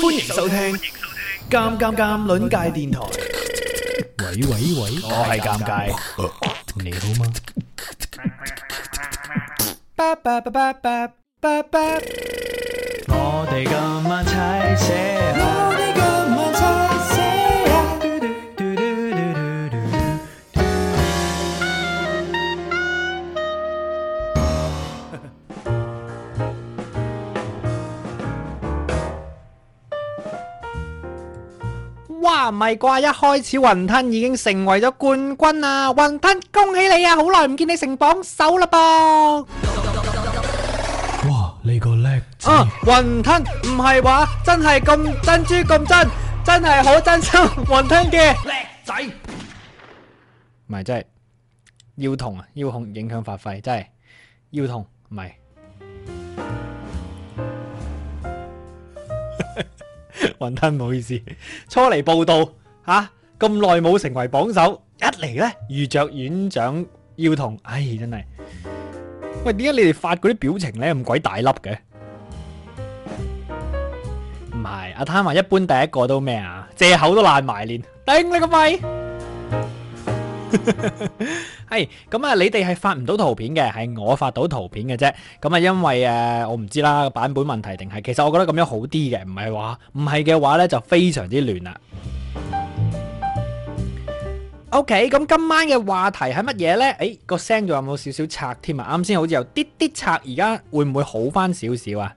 歡迎收聽《尷尷尷》鄰界電台。喂喂喂，我係尷尬，你好嗎？我哋今晚齊些牙。唔係啩？一開始雲吞已經成為咗冠軍啊！雲吞，恭喜你啊！好耐唔見你成榜首嘞噃！哇，你個叻仔，雲吞唔係話真係咁珍珠咁真，真係好真心雲吞嘅叻仔。唔係明，真係、就係、腰痛啊！腰痛影響發揮，真係腰痛，唔係。雲吞唔好意思，初嚟報道吓，咁耐冇成為榜首，一嚟咧遇着院長腰痛，唉，真係喂，點解你哋發嗰啲表情咧咁鬼大粒嘅？唔係，阿攤話一般第一個都咩啊？借口都爛埋鏈，頂你個肺！係咁啊！ hey, 你哋係發唔到圖片嘅，係我發到圖片嘅啫。咁啊，因為誒、呃，我唔知啦，版本問題定係其實我覺得咁樣好啲嘅。唔係話唔係嘅話呢就非常之亂啦。OK，咁今晚嘅話題係乜嘢呢？誒、欸，個聲仲有冇少少拆添啊？啱先好似有啲啲拆，而家會唔會好翻少少啊？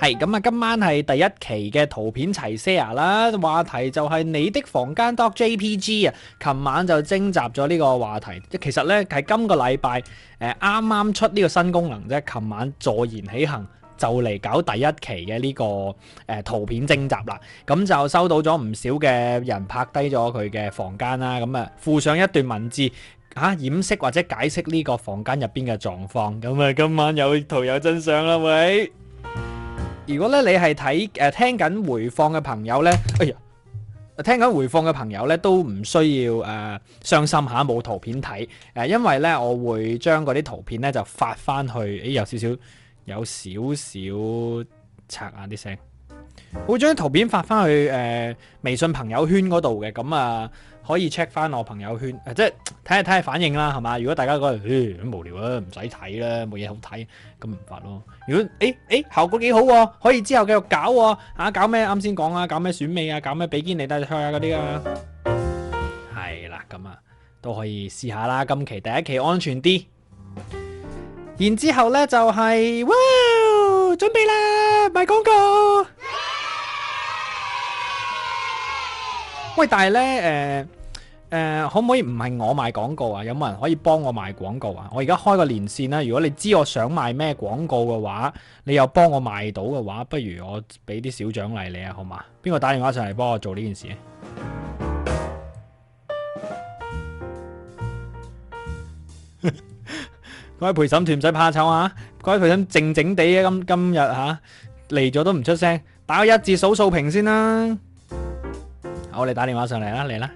係咁啊！今晚係第一期嘅圖片齊些牙啦，話題就係你的房間 d o g jpg 啊！琴晚就徵集咗呢個話題，即其實呢，係今個禮拜誒啱啱出呢個新功能啫。琴晚坐言起行就嚟搞第一期嘅呢、呢個誒、呃、圖片徵集啦。咁就收到咗唔少嘅人拍低咗佢嘅房間啦。咁啊附上一段文字嚇、啊、掩飾或者解釋呢個房間入邊嘅狀況。咁啊今晚有圖有真相啦，喂！如果咧你係睇誒聽緊回放嘅朋友咧，哎呀，聽緊回放嘅朋友咧都唔需要誒、呃、傷心嚇，冇圖片睇，誒、呃、因為咧我會將嗰啲圖片咧就發翻去，誒、呃、有少少有少少刷眼啲聲，會將圖片發翻去誒、呃、微信朋友圈嗰度嘅，咁啊。可以 check 翻我朋友圈，即係睇下睇下反應啦，係嘛？如果大家覺得，誒、欸，都無聊啊，唔使睇啦，冇嘢好睇，咁唔發咯。如果，誒、欸，誒、欸，效果幾好、啊，可以之後繼續搞、啊，吓搞咩？啱先講啊，搞咩、啊、選美啊，搞咩比堅尼大賽啊嗰啲啊，係、啊嗯、啦，咁啊，都可以試下啦。今期第一期安全啲，然之後咧就係、是，哇，準備啦，賣廣告。喂，但係咧，誒、呃、誒、呃，可唔可以唔係我賣廣告啊？有冇人可以幫我賣廣告啊？我而家開個連線啦，如果你知我想賣咩廣告嘅話，你又幫我賣到嘅話，不如我俾啲小獎勵你啊，好嘛？邊個打電話上嚟幫我做呢件事？ 各位陪審團唔使怕醜啊，各位陪審靜靜地啊，今今日吓嚟咗都唔出聲，打個一字數數評先啦、啊。我哋打電話上嚟啦，嚟啦，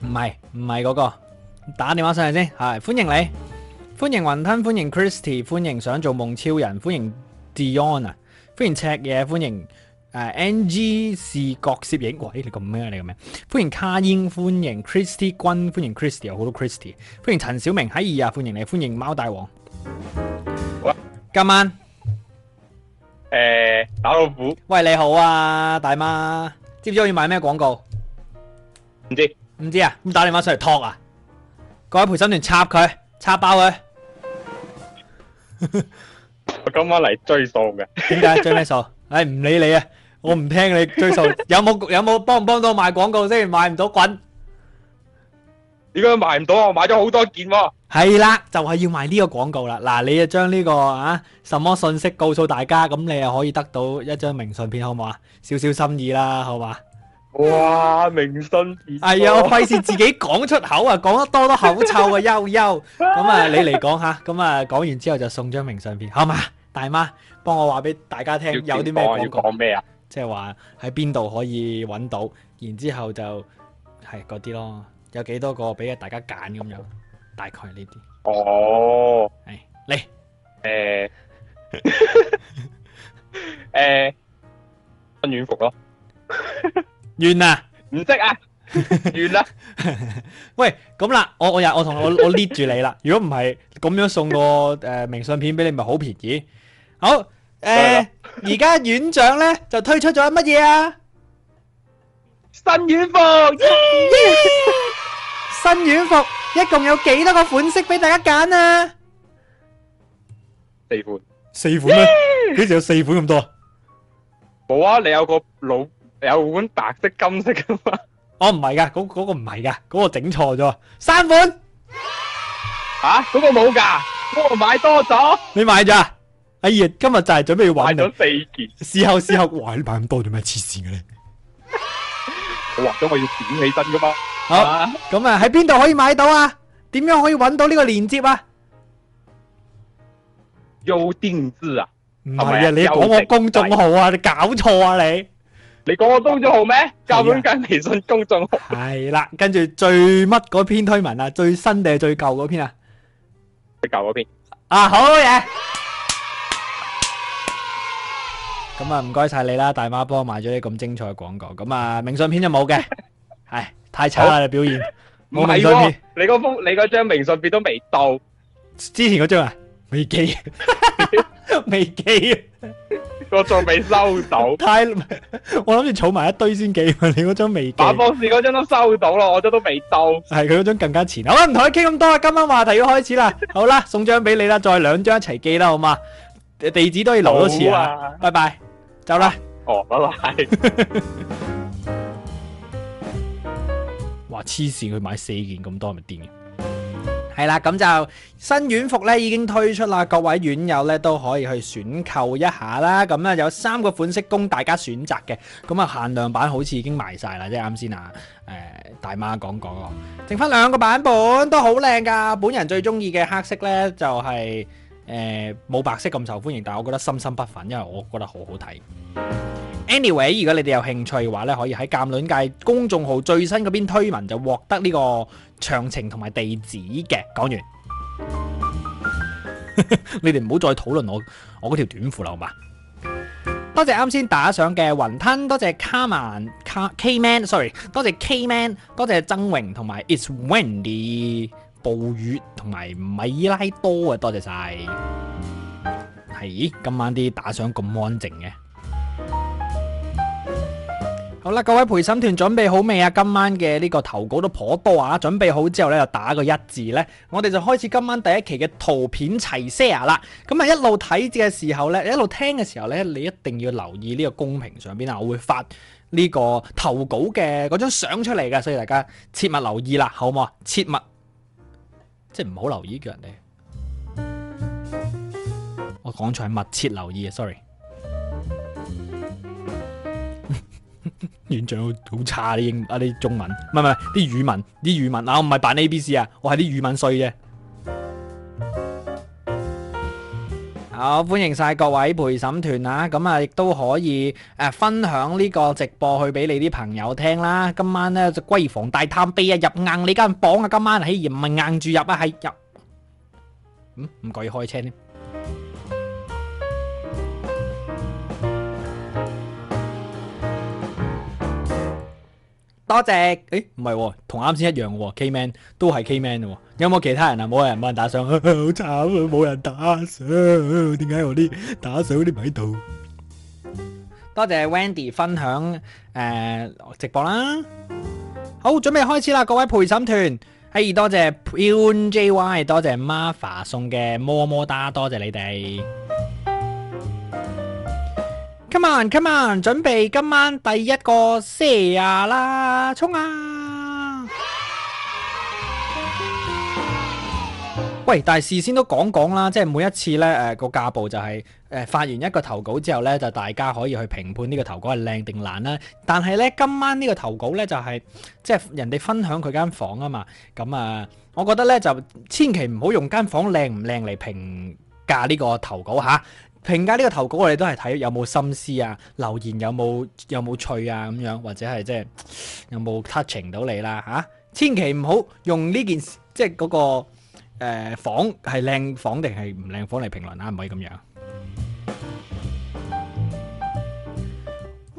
唔係唔係嗰個打電話上嚟先，係歡迎你，歡迎雲吞，歡迎 Christy，歡迎想做夢超人，歡迎 Dion 啊，歡迎赤嘢，歡迎、uh, 誒 NG 視覺攝影喂，你咁咩？你咁咩？歡迎卡英，歡迎 Christy 君，歡迎 Christy，有好多 Christy，歡迎陳小明喺二啊，歡迎你，歡迎貓大王，好啦今晚。誒，打老虎！喂，你好啊，大媽，知唔知我要買咩廣告？唔知唔知啊，咁打電話上嚟托啊！各位陪審團插佢，插爆佢！我今晚嚟追數嘅，點解追咩數？唉，唔理你啊，我唔聽你追數。有冇有冇幫唔幫到買廣告先？買唔到滾！點解買唔到我買了很啊？買咗好多件喎。係啦，就係、是、要賣呢個廣告啦。嗱，你就將呢個啊什麼信息告訴大家，咁你就可以得到一張明信片，好唔好啊？少少心意啦，好嘛？哇，明信片係啊，費事、哎、自己講出口啊，講 得多都口臭啊，悠悠。咁啊，你嚟講下。咁啊講完之後就送張明信片，好嘛？大媽，幫我話俾大家聽，有啲咩廣告？咩啊？即係話喺邊度可以揾到，然之後就係嗰啲咯。有幾多個俾啊大家揀咁樣，大概呢啲。哦，係嚟，誒，誒，新院服咯，遠啊，唔識啊，遠啦。喂，咁啦，我我又我同我我 lead 住你啦。如果唔係咁樣送個誒明信片俾你，咪好便宜。好，誒，而家院長咧就推出咗乜嘢啊？新院服耶！新院服一共有幾多個款式俾大家揀啊？四款，四款咩？幾時有四款咁多？冇啊，你有個老有款白色金色噶嘛？哦，唔係噶，嗰嗰個唔係噶，嗰個整錯咗。三款。吓，嗰個冇噶，嗰個買多咗。你買咋？哎呀，今日就係準備玩。買咗四件。事後事後話你買咁多做咩黐線嘅咧？我話咗我要點起身噶嘛。好，咁啊，喺邊度可以買到啊？點樣可以揾到呢個鏈接啊？優定制啊，唔係啊，你講我公眾號啊，你搞錯啊你！你講我公眾號咩？教本間微信公眾號。係啦，跟住最乜嗰篇推文啊？最新定係最舊嗰篇啊？最舊嗰篇。啊好嘢！咁啊，唔該晒你啦，大媽幫我買咗啲咁精彩嘅廣告。咁啊，明信片就冇嘅，係。太醜啦！你表現，冇明信片。你嗰封，你嗰張明信片都未到。之前嗰張啊，未寄， 未寄了， 我仲未收到。太，我諗住儲埋一堆先寄。你嗰張未寄。馬博士嗰張都收到啦，我張都未到。係佢嗰張更加前。好啦，啊，唔同佢傾咁多啦，今晚話題要開始啦。好啦，送張俾你啦，再兩張一齊寄啦，好嘛？地址都要留多次啊。拜拜，走啦。哦，拜拜。 話黐線去買四件咁多咪癲嘅，係啦。咁就新院服呢已經推出啦，各位院友呢都可以去選購一下啦。咁啊有三個款式供大家選擇嘅，咁啊限量版好似已經賣晒啦，即係啱先啊，誒、呃、大媽講講哦，剩翻兩個版本都好靚噶，本人最中意嘅黑色呢，就係誒冇白色咁受歡迎，但係我覺得深深不忿，因為我覺得很好好睇。Anyway，如果你哋有興趣嘅話咧，可以喺鑑卵界公眾號最新嗰邊推文就獲得呢個詳情同埋地址嘅。講完， 你哋唔好再討論我我嗰條短褲啦，好嘛？多謝啱先打賞嘅雲吞，多謝卡曼卡 K Man，sorry，多謝 K Man，多謝曾榮同埋 It's Windy 暴雨同埋米拉多啊，多謝晒。係、嗯、今晚啲打賞咁安靜嘅。好啦，各位陪審團準備好未啊？今晚嘅呢個投稿都頗多啊！準備好之後咧，就打個一字咧，我哋就開始今晚第一期嘅圖片齊些牙啦。咁啊，一路睇嘅時候咧，一路聽嘅時候咧，你一定要留意呢個公屏上邊啊，我會發呢個投稿嘅嗰張相出嚟嘅，所以大家切勿留意啦，好唔好啊？切勿，即係唔好留意叫人哋。我講錯係密切留意啊，sorry。院長好差啲英啊啲中文，唔係唔係啲語文啲語文啊，我唔係扮 A B C 啊，我係啲語文衰啫。好歡迎晒各位陪審團啊，咁啊亦都可以誒、啊、分享呢個直播去俾你啲朋友聽啦。今晚呢，就閨房大探秘啊，入硬你間房啊，今晚係而唔係硬住入啊，係入嗯唔該要開車添。多謝、哎，誒、哦，唔係，同啱先一樣、哦、K man 都係 K man、哦、有冇其他人啊？冇人，冇人打賞，好慘啊，冇人打賞，點解我啲打賞啲唔喺度？多謝 Wendy 分享誒、呃、直播啦，好，準備開始啦，各位陪審團，係多謝 U N J Y，多謝 Mafa 送嘅麼么噠，多謝你哋。Come on, come on，準備今晚第一個 share 啦，衝啊！喂，但係事先都講講啦，即係每一次呢，誒、呃、那個架步就係、是、誒、呃、發完一個投稿之後呢，就大家可以去評判呢個投稿係靚定爛啦。但係呢，今晚呢個投稿呢，就係即係人哋分享佢間房啊嘛，咁啊，我覺得呢，就千祈唔好用間房靚唔靚嚟評價呢個投稿吓。評價呢個投稿，我哋都係睇有冇心思啊，留言有冇有冇趣啊咁樣，或者係即係有冇 touching 到你啦嚇，千祈唔好用呢件事，即係嗰個誒房係靚房定係唔靚房嚟評論啊，唔可以咁樣。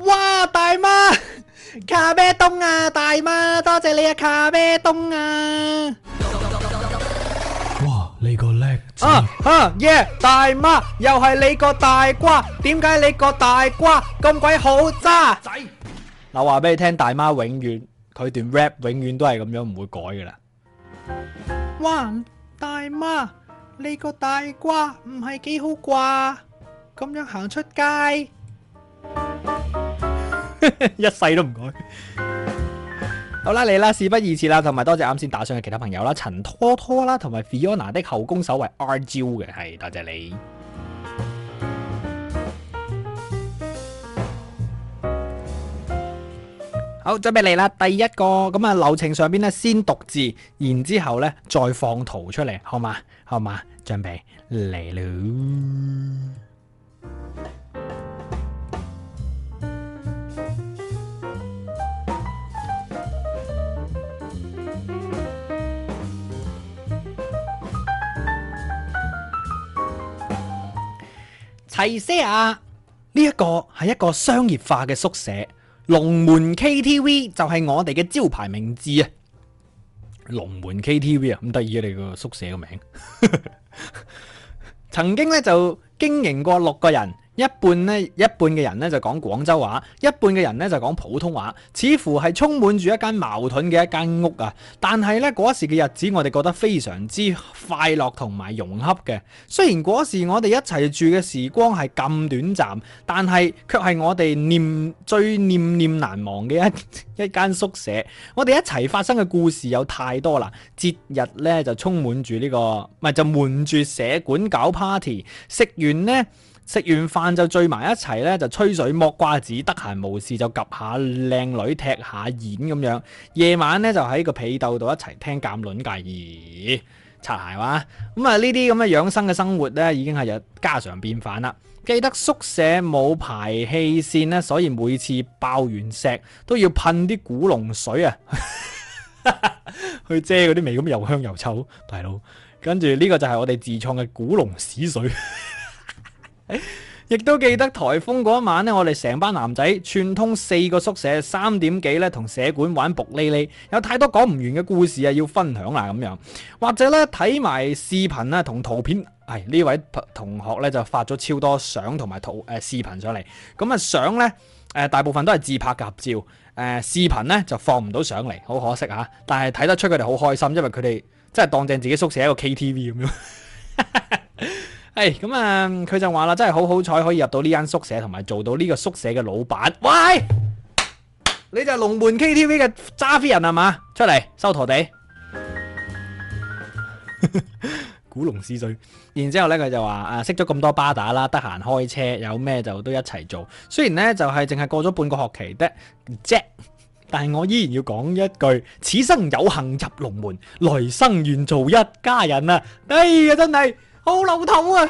哇！大媽，咖啡東啊，大媽，多謝你啊咖啡東啊！哇！你個。啊哈耶！大媽又係你個大瓜，點解你個大瓜咁鬼好渣？嗱，話俾你聽，大媽永遠佢段 rap 永遠都係咁樣，唔會改噶啦。哇！大媽你個大瓜唔係幾好啩，咁樣行出街，一世都唔改。好啦，嚟啦，事不宜遲啦，同埋多謝啱先打賞嘅其他朋友啦，陳拖拖啦，同埋 Fiona 的後宮守衞 RJ 嘅，係多謝你。好，準備嚟啦，第一個咁啊流程上邊咧，先讀字，然之後咧再放圖出嚟，好嘛，好嘛，準備嚟啦。係先啊！呢一個係一個商業化嘅宿舍，龍門 K T V 就係我哋嘅招牌名字啊！龍門 K T V 啊，咁得意啊！你個宿舍個名 曾經咧就經營過六個人。一半呢一半嘅人呢，就講廣州話，一半嘅人呢，就講普通話，似乎係充滿住一間矛盾嘅一間屋啊！但係呢，嗰時嘅日子，我哋覺得非常之快樂同埋融洽嘅。雖然嗰時我哋一齊住嘅時光係咁短暫，但係卻係我哋念最念念難忘嘅一一間宿舍。我哋一齊發生嘅故事有太多啦，節日呢，就充滿住呢個，唔係就瞞住社管搞 party，食完呢食完飯就聚埋一齊咧，就吹水剝瓜子，得閒無事就及下靚女，踢下毽咁樣。夜晚咧就喺個被竇度一齊聽鑑論介意。擦鞋話咁啊，呢啲咁嘅養生嘅生活咧，已經係有家常便飯啦。記得宿舍冇排氣扇咧，所以每次爆完石都要噴啲古龍水啊， 去遮嗰啲味，咁又香又臭，大佬。跟住呢個就係我哋自創嘅古龍屎水。亦都 記得台風嗰一晚呢，我哋成班男仔串通四個宿舍，三點幾呢同社管玩卜哩哩，有太多講唔完嘅故事啊，要分享啦咁樣，或者呢睇埋視頻啦同圖片，係呢位同學呢就發咗超多相同埋圖誒、啊、視頻上嚟，咁啊相呢誒，大部分都係自拍嘅合照，誒、啊、視頻呢就放唔到上嚟，好可惜吓，但係睇得出佢哋好開心，因為佢哋真係當正自己宿舍一個 KTV 咁樣。 誒，咁啊、哎，佢、嗯、就話啦，真係好好彩可以入到呢間宿舍，同埋做到呢個宿舍嘅老闆。喂，你就係龍門 KTV 嘅揸 fit 人係嘛？出嚟收陀地， 古龍試水。然之後呢佢就話誒，啊、識咗咁多巴打啦，得閒開車，有咩就都一齊做。雖然呢，就係淨係過咗半個學期的啫，但係我依然要講一句：此生有幸入龍門，來生願做一家人啊！哎呀，真係。好老土啊！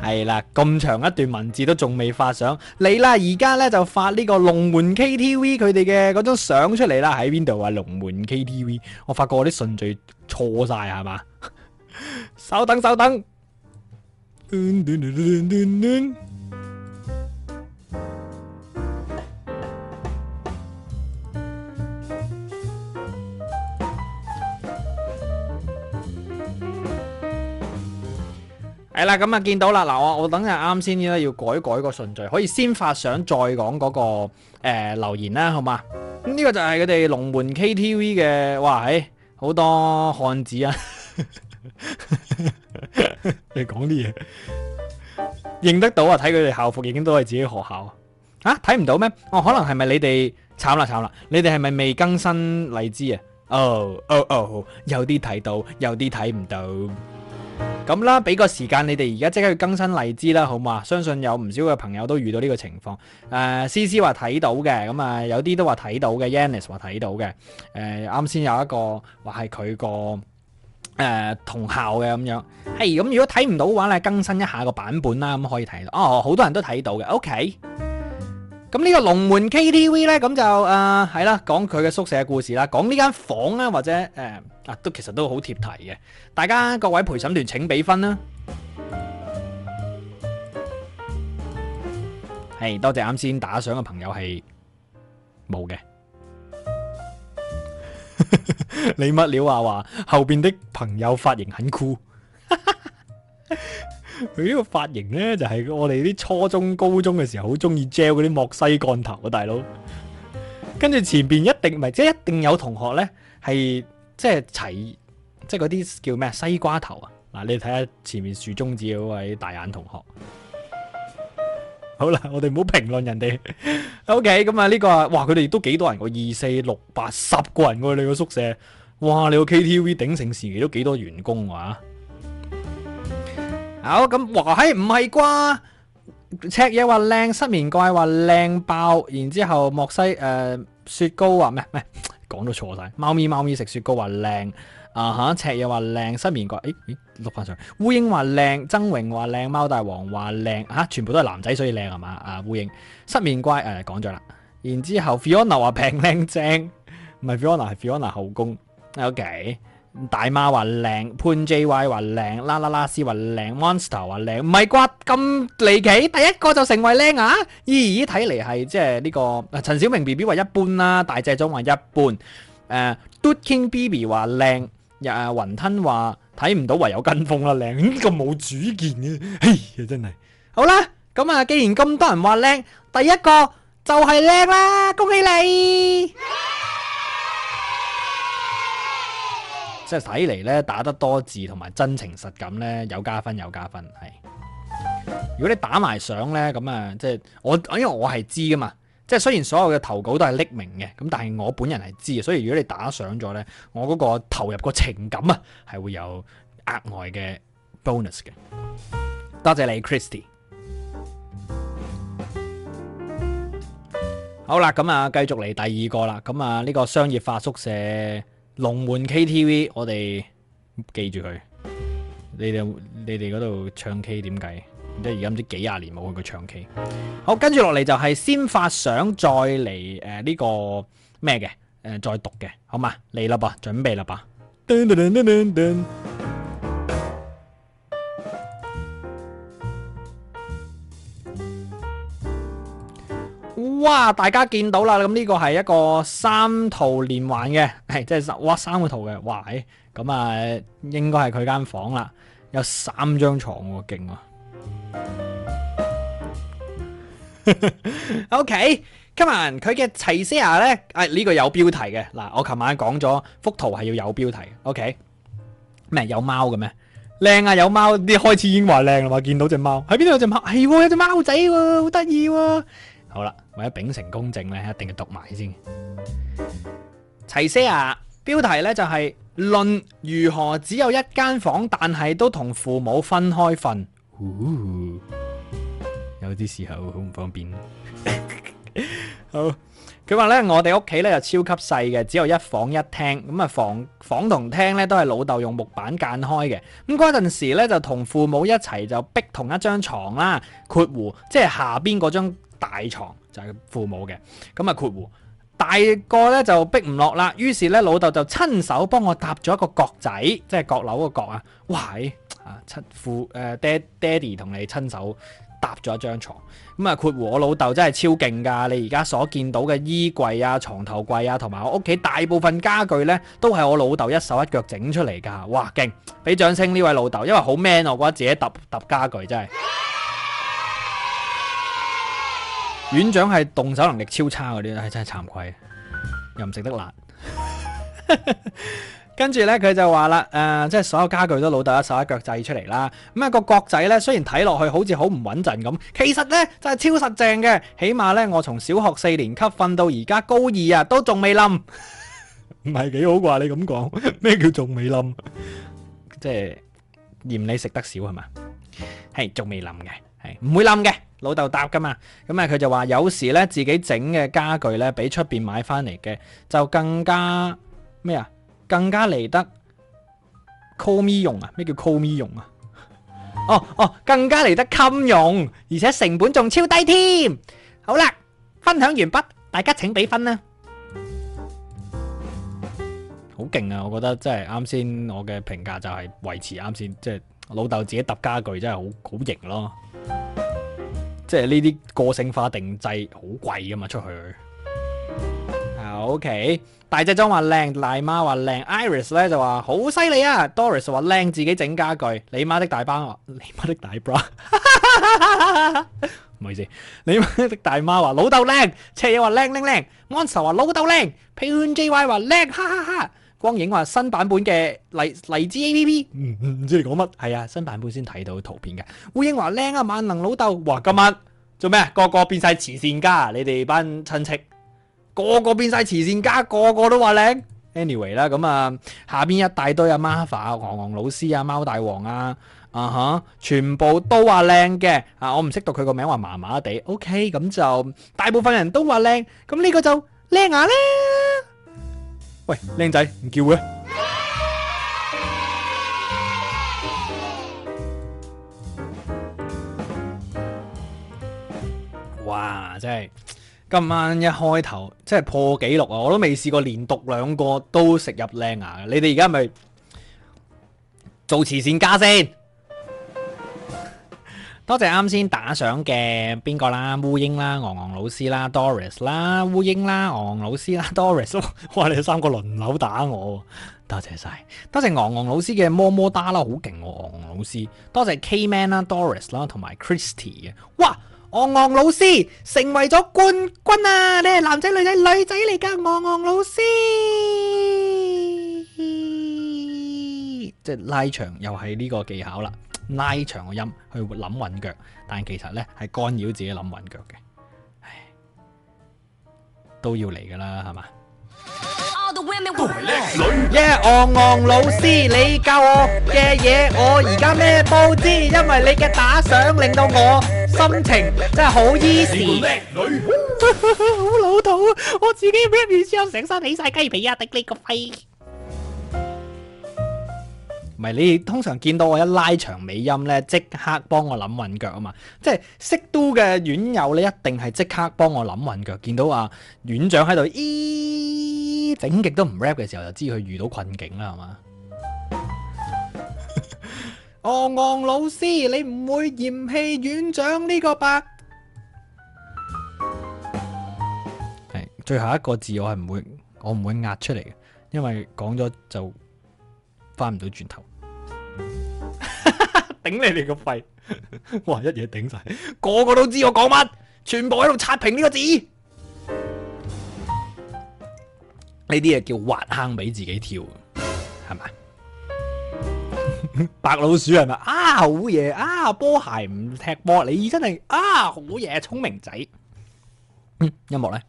係啦，咁長一段文字都仲未發上，你啦，而家呢，就發呢個龍門 K T V 佢哋嘅嗰張相出嚟啦。喺邊度啊？龍門 K T V，我發覺啲順序錯晒係嘛？稍等稍等。噔噔噔噔噔噔噔啦，咁啊，見到啦，嗱，我我等陣啱先咧要改改個順序，可以先發相再講嗰、那個誒、呃、留言啦，好嘛？咁、嗯、呢、這個就係佢哋龍門 KTV 嘅，哇，係、哎、好多漢子啊！ 你講啲嘢，認得到啊？睇佢哋校服，已經都係自己學校啊？睇、啊、唔到咩？哦，可能係咪你哋慘啦慘啦？你哋係咪未更新荔枝啊？哦哦哦，有啲睇到，有啲睇唔到。咁啦，俾個時間你哋而家即刻去更新荔枝啦，好嘛？相信有唔少嘅朋友都遇到呢個情況。誒，詩詩話睇到嘅，咁、嗯、啊有啲都話睇到嘅，Yannis 話睇到嘅，誒、呃，啱先有一個話係佢個誒同校嘅咁樣。係咁，如果睇唔到嘅話咧，更新一下個版本啦，咁可以睇到。哦，好多人都睇到嘅，OK。咁呢個龍門 K T V 呢，咁就誒係、呃、啦，講佢嘅宿舍故事啦，講呢間房啊，或者誒啊、呃、都其實都好貼題嘅。大家各位陪審團，請俾分啦。係多謝啱先打賞嘅朋友係冇嘅。你乜料啊？話後邊的朋友發 型很酷。 佢呢個髮型呢，就係、是、我哋啲初中、高中嘅時候好中意 gel 嗰啲莫西干頭啊，大佬。跟住前邊一定唔係，即係一定有同學呢，係即係齊，即係嗰啲叫咩西瓜頭啊？嗱、啊，你睇下前面豎中指嗰位大眼同學。好啦，我哋唔好評論人哋。O K，咁啊呢個哇，佢哋都幾多人個，二四六八十個人個你個宿舍，哇！你個 K T V 鼎盛時期也都幾多員工啊？好咁、哦，哇嘿，唔係啩？赤嘢話靚，失眠怪話靚爆，然之後莫西誒、呃、雪糕話咩？唔係講到錯晒。貓咪貓咪食雪糕話靚啊嚇！赤嘢話靚，失眠怪誒誒碌返上。烏蠅話靚，曾榮話靚，貓大王話靚吓，全部都係男仔所以靚係嘛？啊烏蠅，失眠怪誒講咗啦。然之後 Fiona 話平靚正，唔係 Fiona 係 Fiona 後宮。OK。大媽話靚，潘 JY 話靚，啦啦啦斯話靚，Monster 話靚，唔係啩，咁離奇，第一個就成為靚啊！咦、哎，睇嚟係即係呢、這個啊陳小明 B B 話一般啦、啊，大隻鐘話一般，誒嘟 king B B 話靚，誒雲、啊、吞話睇唔到，唯有跟風啦、啊、靚，咁冇、這個、主見嘅、啊，哎，真係好啦，咁啊既然咁多人話靚，第一個就係靚啦，恭喜你！即係睇嚟咧，打得多字同埋真情實感咧，有加分有加分係。如果你打埋相咧，咁啊，即係我，因為我係知噶嘛。即係雖然所有嘅投稿都係匿名嘅，咁但係我本人係知啊。所以如果你打相咗咧，我嗰個投入個情感啊，係會有額外嘅 bonus 嘅。多謝你，Christy。Christ 好啦，咁啊，繼續嚟第二個啦。咁啊，呢個商業化宿舍。龍門 KTV，我哋記住佢。你哋你哋嗰度唱 K 點計？即係而家唔知幾廿年冇去過唱 K。好，跟住落嚟就係先發相，呃這個呃，再嚟誒呢個咩嘅誒再讀嘅，好嘛？嚟啦噃，準備啦噃。噔噔噔噔噔噔噔。哇！大家見到啦，咁呢個係一個三圖連環嘅，係即係三哇三個圖嘅，哇！咁啊，應該係佢間房啦，有三張牀喎，勁喎。OK，今日，佢嘅齊些牙咧，啊呢個有標題嘅，嗱我琴晚講咗幅圖係要有標題，OK？咩有貓嘅咩？靚啊，有貓，啲開始已經話靚啦嘛，見到隻貓喺邊度，有隻貓，係有隻貓仔喎，好得意喎。好啦，為咗秉承公正咧，一定要讀埋先。齊些牙。標題呢就係、是、論如何只有一間房，但係都同父母分開瞓、哦。有啲時候好唔方便。 好，佢話呢，我哋屋企呢就超級細嘅，只有一房一廳。咁啊，房房同廳呢都係老豆用木板間開嘅。咁嗰陣時呢，就同父母一齊就逼同一張床啦。括弧，即、就、係、是、下邊嗰張。大床就係、是、父母嘅，咁啊括弧大個咧就逼唔落啦，於是咧老豆就親手幫我搭咗一個角仔，即係閣樓個角啊！喂，啊，親父誒爹爹哋同你親手搭咗一張床，咁啊括弧我老豆真係超勁噶，你而家所見到嘅衣櫃啊、床頭櫃啊，同埋我屋企大部分家具咧，都係我老豆一手一腳整出嚟噶，哇勁！俾掌聲呢位老豆，因為好 man 我覺得自己搭搭家具真係。院長係動手能力超差嗰啲，係真係慚愧，又唔食得辣。跟住咧，佢就話啦，誒，即係所有家具都老豆一手一腳製出嚟啦。咁一個角仔咧，雖然睇落去好似好唔穩陣咁，其實咧真係超實淨嘅。起碼咧，我從小學四年級瞓到而家高二啊，都仲未冧。唔係幾好啩？你咁講，咩叫仲未冧？即係嫌你食得少係嘛？係仲未冧嘅，係唔會冧嘅。老豆搭噶嘛，咁啊佢就話有時咧自己整嘅家具咧，比出邊買翻嚟嘅就更加咩啊？更加嚟得 call me 用啊？咩叫 call me 用啊？哦哦，更加嚟得禁用，而且成本仲超低添。好啦，分享完畢，大家請俾分啊。好勁啊！我覺得真係啱先我嘅評價就係維持啱先，即係老豆自己搭家具真係好好型咯。即係呢啲個性化定製好貴噶嘛出去？OK，大隻裝話靚，奶媽話靚，Iris 咧就話好犀利啊，Doris 話靚，自己整家具，你媽的大班，你媽的大 bra，唔 好意思，你媽的大媽話老豆靚，車友話靚靚靚，Monster 話老豆靚，Pun J Y 話靚，哈哈哈。光影話新版本嘅荔荔枝 APP，唔唔知你講乜？係啊，新版本先睇到圖片嘅。烏英話靚啊，萬能老豆，話今晚做咩？個個變晒慈善家，你哋班親戚個個變晒慈善家，個個都話靚。Anyway 啦、啊，咁啊下邊一大堆阿、啊、Marva、黃黃老師啊、貓大王啊，啊吓，全部都話靚嘅。啊，我唔識讀佢個名，話麻麻地。OK，咁就大部分人都話靚，咁呢個就靚牙咧。喂，靚仔，唔叫佢。哇！真係今晚一開頭，真係破紀錄啊！我都未試過連讀兩個都食入靚牙嘅。你哋而家咪做慈善家先？多謝啱先打賞嘅邊個啦，烏英啦，昂昂老師啦，Doris 啦，烏英啦，昂昂老師啦，Doris，哇，你哋三個輪流打我，多謝晒，多謝昂昂老師嘅麼么噠啦，好勁喎，昂昂老師，多謝 K-Man 啦，Doris 啦，同埋 Christy 嘅！哇，昂昂老師成為咗冠軍啊，你係男仔女仔女仔嚟噶，昂昂老師，即係拉長又係呢個技巧啦。拉長個音去諗韻腳，但其實咧係干擾自己諗韻腳嘅，都要嚟噶啦，係嘛？都係叻女。Yeah，昂、嗯、昂、嗯、老師你教我嘅嘢，我而家咩都知，因為你嘅打賞令到我心情真係好 easy。女女 好老土啊！我自己 make image 成身起晒雞皮啊，頂你個肺！拜拜唔係你通常見到我一拉長尾音呢，即刻幫我諗韻腳啊嘛！即係識 do 嘅院友你一定係即刻幫我諗韻腳。見到啊院長喺度，咦整極都唔 rap 嘅時候，就知佢遇到困境啦，係嘛？昂昂、 嗯嗯、老師，你唔會嫌棄院長呢個白，係最後一個字，我係唔會，我唔會壓出嚟嘅，因為講咗就翻唔到轉頭。頂 你哋個肺！哇，一嘢頂晒，個個都知我講乜，全部喺度刷屏呢個字。呢啲嘢叫挖坑俾自己跳，係咪？白老鼠係咪？啊，好嘢！啊，波鞋唔踢波，你真係啊，好嘢！啊，聰明仔，嗯，音樂咧，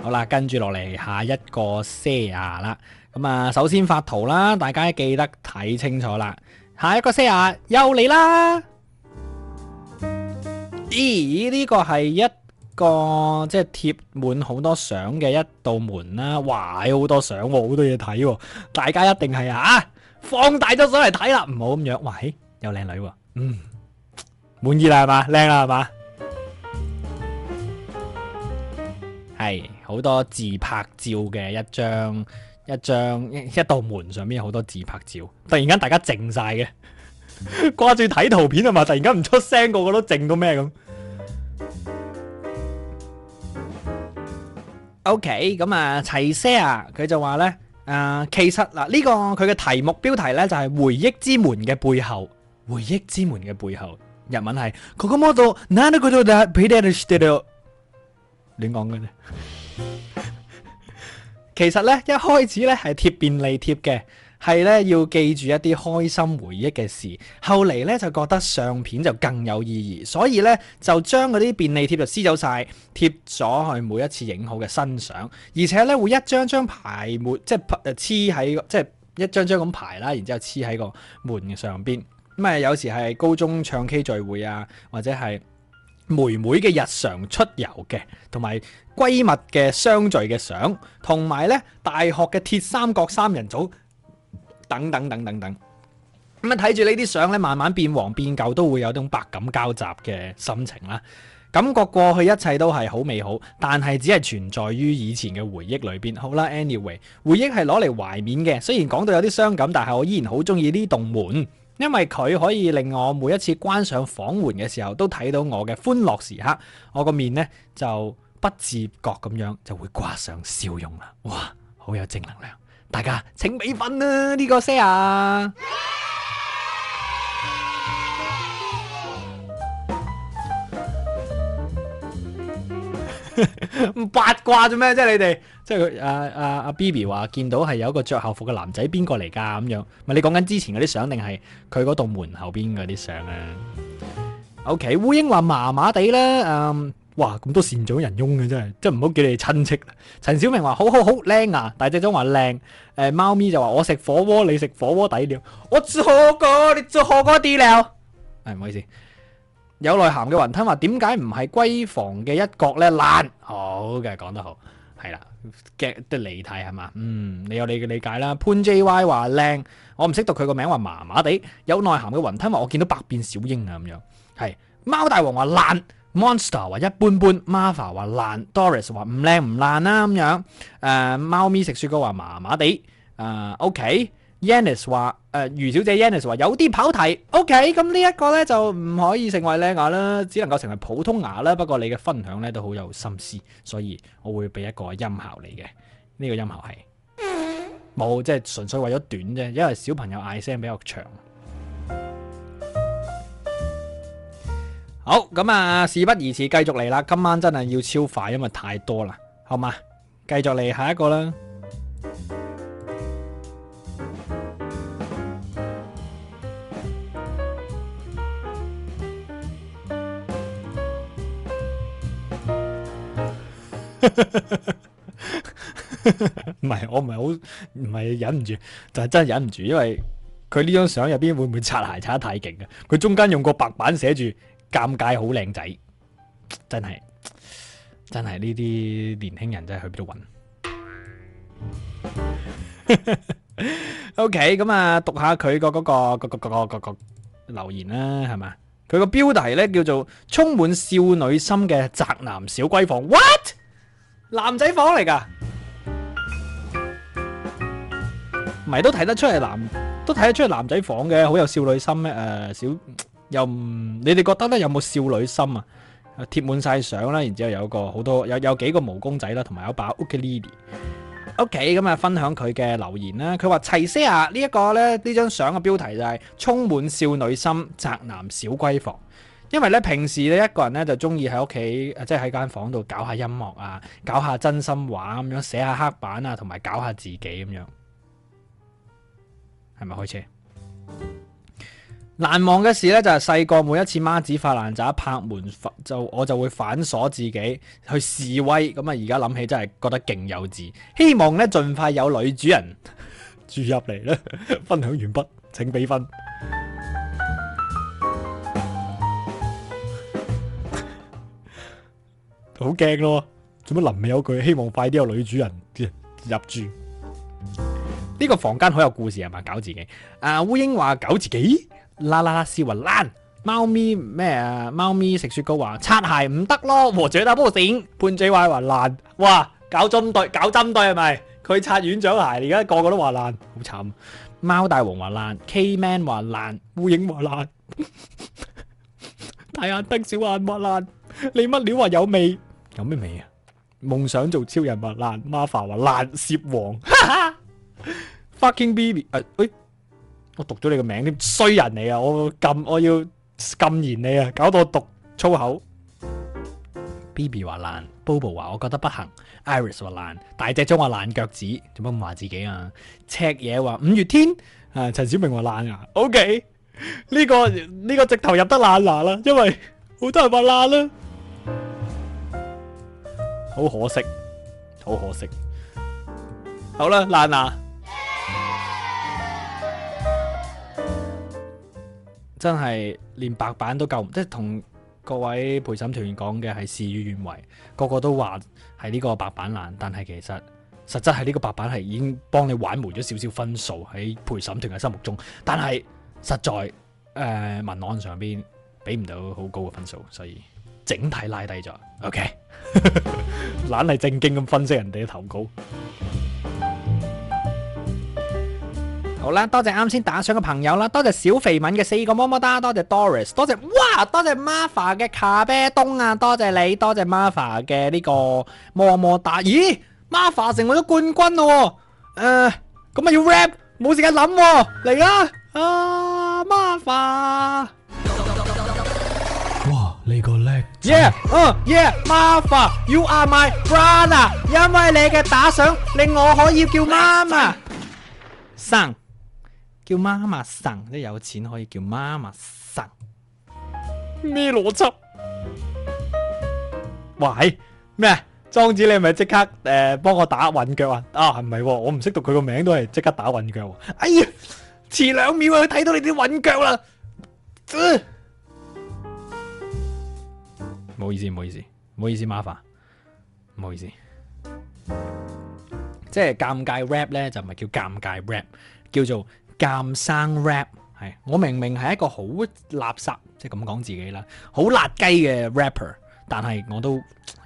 好啦，跟住落嚟，下一個 share 啦。咁啊，首先發圖啦，大家記得睇清楚啦。下一個 set 啊又嚟啦。咦，呢個係一個即係貼滿好多相嘅一道門啦。哇，有好多相，好多嘢睇。大家一定係啊，放大咗相嚟睇啦，唔好咁樣。哇，咦、有又靚女、啊。嗯，滿意啦係嘛，靚啦係嘛。係好多自拍照嘅一張。一張一一道門上面有好多自拍照，突然間大家靜曬嘅，掛住睇圖片啊嘛！突然間唔出聲，個個都靜到咩咁？OK，咁啊齊些牙佢就話咧，啊其實嗱呢個佢嘅題目標題咧就係回憶之門嘅背後，回憶之門嘅背後，日文係，嗰個 model，嗱呢個就係彼德拉斯的。亂講嘅啫。其實咧，一開始咧係貼便利貼嘅，係咧要記住一啲開心回憶嘅事。後嚟咧就覺得相片就更有意義，所以咧就將嗰啲便利貼就撕走晒，貼咗去每一次影好嘅新相，而且咧會一張張排滿，即係黐喺即係一張張咁排啦，然之後黐喺個門上邊。咁啊，有時係高中唱 K 聚會啊，或者係。妹妹嘅日常出遊嘅，同埋閨蜜嘅相聚嘅相，同埋呢大學嘅鐵三角三人組，等等等等等等。咁啊睇住呢啲相呢，慢慢變黃變舊，都會有種百感交集嘅心情啦。感覺過去一切都係好美好，但係只係存在於以前嘅回憶裏邊。好啦，anyway，回憶係攞嚟懷緬嘅。雖然講到有啲傷感，但係我依然好中意呢棟門。因為佢可以令我每一次關上房門嘅時候，都睇到我嘅歡樂時刻，我個面呢就不自覺咁樣就會掛上笑容啦！哇，好有正能量，大家請俾份啦呢個聲啊！這個 唔八卦做咩？即係你哋，即係佢阿阿阿 B B 話見到係有一個着校服嘅男仔邊個嚟噶咁樣，唔係你講緊之前嗰啲相定係佢嗰棟門後邊嗰啲相啊？O K，烏英話麻麻地啦，嗯，哇，咁多善長人翁嘅真係，即係唔好叫你親戚啦。陳小明話好好好靚啊，大隻仔話靚，誒、呃，貓咪就話我食火鍋，你食火鍋底料，我做噶，你做個啲料，唔、哎、好意思。有內涵嘅雲吞話點解唔係閨房嘅一角呢？爛？好嘅，講得好，係啦，get 的得理睇係嘛？嗯，你有你嘅理解啦。潘 JY 話靚，我唔識讀佢個名話麻麻地。有內涵嘅雲吞話我見到百變小櫻啊咁樣，係貓大王話爛，Monster 話一般般，Marva 話爛，Doris 話唔靚唔爛啦、啊、咁樣。誒、呃，貓咪食雪糕話麻麻地。誒、呃，OK。Yannis 話誒、呃，余小姐 Yannis 話有啲跑題。OK，咁呢一個呢就唔可以成為靚牙啦，只能夠成為普通牙啦。不過你嘅分享呢都好有心思，所以我會俾一個音效嚟嘅。呢、這個音效係冇、嗯，即係純粹為咗短啫，因為小朋友嗌聲比較長。好，咁啊，事不宜遲，繼續嚟啦。今晚真係要超快，因為太多啦。好嘛，繼續嚟下一個啦。唔係， 我唔係好唔係忍唔住，就係真係忍唔住，因為佢呢張相入邊會唔會擦鞋擦得太勁嘅？佢中間用個白板寫住尷尬，好靚仔，真係真係呢啲年輕人真係去邊度揾？O K，咁啊，okay, 讀下佢、嗰個嗰、嗰個嗰個嗰、嗰個、嗰個、嗰個，嗰個，嗰個，嗰個留言啦，係嘛？佢個標題呢叫做充滿少女心嘅宅男小閨房，what？男仔房嚟噶，唔係都睇得出係男，都睇得出係男仔房嘅，好有少女心咩？誒、呃，小又唔，你哋覺得咧有冇少女心啊？貼滿晒相啦，然之後有一個好多有有幾個毛公仔啦，同埋有把 ukulele。OK，咁、嗯、啊，分享佢嘅留言啦。佢話齊些牙。這呢一個咧呢張相嘅標題就係、是、充滿少女心宅男小閨房。因為咧平時你一個人咧就中意喺屋企，即係喺間房度搞下音樂啊，搞下真心話咁樣，寫下黑板啊，同埋搞下自己咁樣。係咪開車？ 難忘嘅事呢，就係細個每一次媽子發爛渣，拍門就我就會反鎖自己去示威。咁啊而家諗起真係覺得勁幼稚。希望呢，盡快有女主人住入嚟咧。分享完畢，請畀分。好驚咯！做乜臨尾有句希望快啲有女主人入住？呢個房間好有故事係咪？搞自己。阿烏蠅話搞自己，啦啦啦，笑云爛。貓咪咩？貓咪食雪糕話擦鞋唔得咯，和者打波線。半嘴話話爛，哇！搞針對，搞針對係咪？佢擦院長鞋，而家個個都話爛，好慘。貓大王話爛，K Man 話爛，烏蠅話爛， 大眼瞪小眼話爛，你乜料話有味？有咩味啊？夢想做超人物爛，Mafia 話爛，攝王 ，fucking B B 誒，我讀咗你個名添，衰人你啊，我禁我要禁言你啊，搞到我讀粗口。B B 話爛，Bobo 話我覺得不行，Iris 話爛，大隻鐘話爛腳趾，做乜唔話自己啊？赤嘢話五月天，誒、啊，陳小明話爛啊，OK，呢、這個呢、這個直頭入得爛牙啦，因為好多人話爛啦。好可，可惜，好可惜。好啦，爛啦，嗯，真係連白板都救唔得，即係同各位陪審團講嘅係事與願違。個個都話係呢個白板爛，但係其實實質係呢個白板係已經幫你挽回咗少少分數喺陪審團嘅心目中，但係實在誒、呃，文案上邊俾唔到好高嘅分數，所以。整體拉低咗，OK，懶係正經咁分析人哋嘅投稿。好啦，多謝啱先打賞嘅朋友啦，多謝小肥敏嘅四個麼麼噠，多謝 Doris，多謝哇，多謝 Maver 嘅卡貝東啊，多謝你，多謝 Maver 嘅呢個麼麼噠，咦，Maver 成為咗冠軍咯，誒，咁啊要 rap，冇時間諗，嚟啦，啊，Maver。呢個叻仔，Yeah，嗯，Yeah，Martha，You are my brother，因為你嘅打賞令我可以叫媽媽神，叫媽媽神，你有錢可以叫媽媽神，咩邏輯？喂，係咩？莊子你係咪即刻誒幫我打韻腳啊？啊，係咪？我唔識讀佢個名都係即刻打韻腳。哎呀，遲兩秒佢睇到你啲韻腳啦。唔好意思，唔好意思，唔好意思，麻煩，唔好意思。即係尷尬 rap 呢，就唔係叫尷尬 rap，叫做尷生 rap。係我明明係一個好垃圾，即係咁講自己啦，好辣雞嘅 rapper，但係我都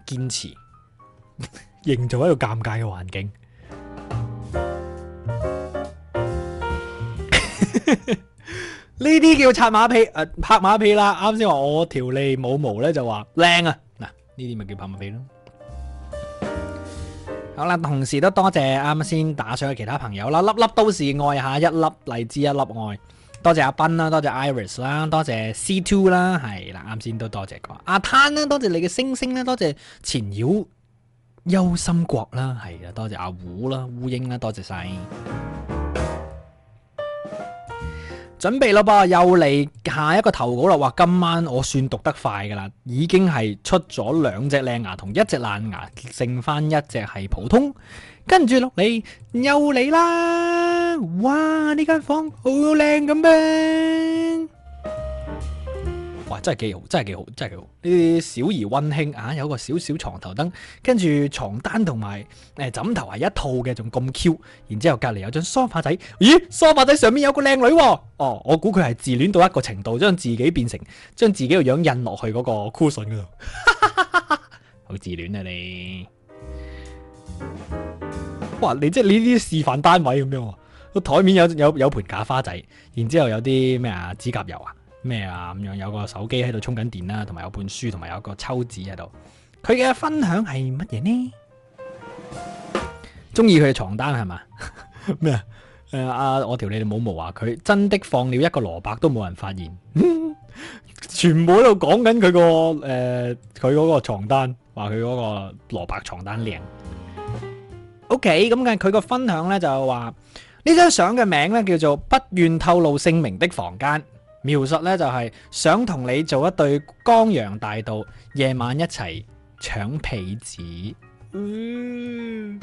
堅持營造一個尷尬嘅環境。呢啲叫擦馬屁，誒、呃、拍馬屁啦！啱先話我條脷冇毛咧，就話靚啊！嗱，呢啲咪叫拍馬屁咯。好啦，同時都多謝啱先打上去其他朋友啦，粒粒都是愛下，下一粒荔枝一粒愛。多謝阿斌啦，多謝 Iris 啦，多謝 C two 啦，係啦，啱先都多謝個阿攤啦，多謝你嘅星星啦，多謝纏繞憂心國啦，係啦，多謝阿胡啦，烏鷹啦，多謝晒。準備咯噃，又嚟下一個投稿啦！話今晚我算讀得快㗎啦，已經係出咗兩隻靚牙同一隻爛牙，剩翻一隻係普通。跟住落嚟又嚟啦！哇，呢間房好靚咁咩？哇！真係幾好，真係幾好，真係幾好。呢啲小而溫馨啊，有個小小床頭燈，跟住床單同埋誒枕頭係一套嘅，仲咁 Q。然之後隔籬有張梳化仔，咦？梳化仔上面有個靚女喎啊。哦，我估佢係自戀到一個程度，將自己變成將自己個樣印落去嗰個 cushion 度。 好自戀啊你！哇！你即係呢啲示範單位咁樣，個台面有有有盆假花仔，然之後有啲咩啊？指甲油啊？咩啊咁樣？有個手機喺度充緊電啦，同埋有本書，同埋有個抽紙喺度。佢嘅分享係乜嘢呢？中意佢嘅床單係嘛咩啊？誒、呃、啊！我條你哋冇毛啊！佢真的放了一個蘿蔔都冇人發現， 全部喺度講緊佢個誒佢嗰個床單，話佢嗰個蘿蔔床單靚。OK，咁嘅佢個分享呢就係話呢張相嘅名呢叫做不願透露姓名的房間。描述咧就係想同你做一對江洋大盜，夜晚一齊搶被子，嗯，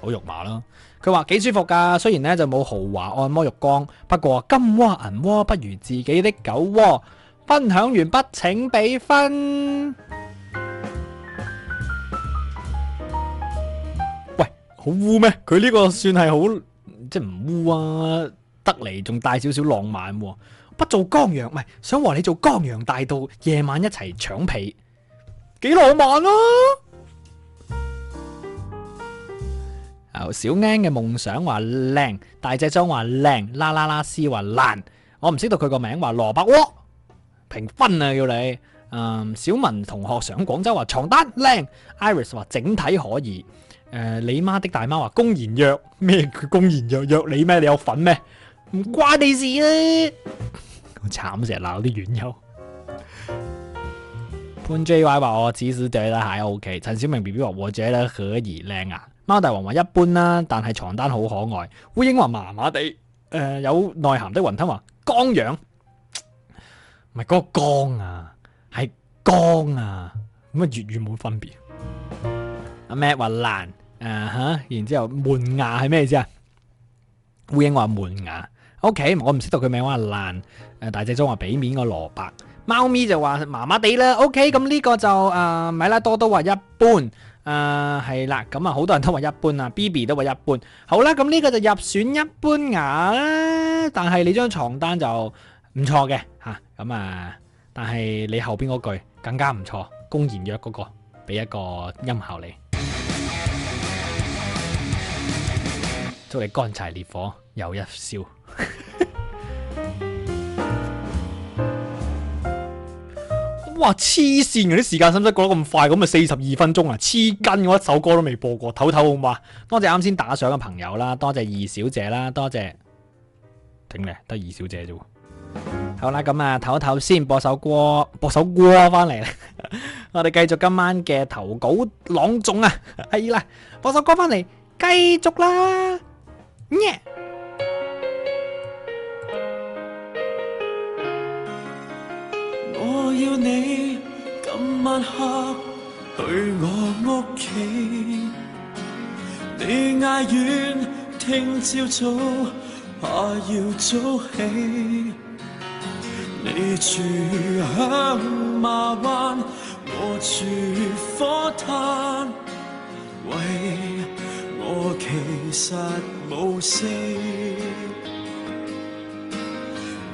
好肉麻啦。佢話幾舒服噶，雖然咧就冇豪華按摩浴缸，不過金窩銀窩不如自己的狗窩。分享完畢，請畀分。喂，好污咩？佢呢個算係好，即係唔污啊，得嚟仲帶少少浪漫啊。做江洋唔係想和你做江洋大盜，夜晚一齊搶被，幾浪漫啊！哦、小 a 嘅夢想話靚，大隻張話靚，啦啦啦絲話爛，我唔知道佢個名話蘿蔔窩，評、哦、分啊要你。嗯，小文同學上廣州話床單靚，Iris 話整體可以。誒、呃，你媽的大媽話公然約咩？佢公然約約你咩？你有份咩？唔關你事啊！我慘成日鬧啲軟友。潘 JY 話我仔屎仔對鞋 O K，陳小明 B B 話我着對可疑靚牙，貓大王話一般啦，但係床單好可愛。烏蠅話麻麻地，誒、呃、有內涵的雲吞話江養，唔係嗰個江啊，係江啊，咁啊粵語冇分別。阿 mat 話爛，誒、啊、吓，然之後門牙係咩意思啊？烏蠅話門牙，O、okay, K，我唔知道佢名話爛。誒大隻鐘話俾面個蘿蔔，貓咪就話麻麻地啦。OK，咁呢個就誒、呃、米拉多都話一般，誒、呃、係啦。咁啊好多人都話一般啊，B B 都話一般。好啦，咁呢個就入選一般牙、啊、啦。但係你張床單就唔錯嘅嚇。咁啊，但係你後邊嗰句更加唔錯，公然約嗰、那個俾一個音效你， 祝你乾柴烈火又一笑。 哇！黐線嗰啲時間使唔使過得咁快咁啊？四十二分鐘啊！黐筋，我一首歌都未播過。唞唞好嘛？多謝啱先打賞嘅朋友啦，多謝二小姐啦，多謝。頂咧，得二小姐啫。好啦，咁啊，唞一唞先，播首歌，播首歌翻嚟。啦 我哋繼續今晚嘅投稿朗誦啊，係 啦，播首歌翻嚟，繼續啦。Yeah. 要你今晚黑去我屋企，你嗌遠，聽朝早，早怕要早起。你住響馬灣，我住火炭，喂，我其實冇私。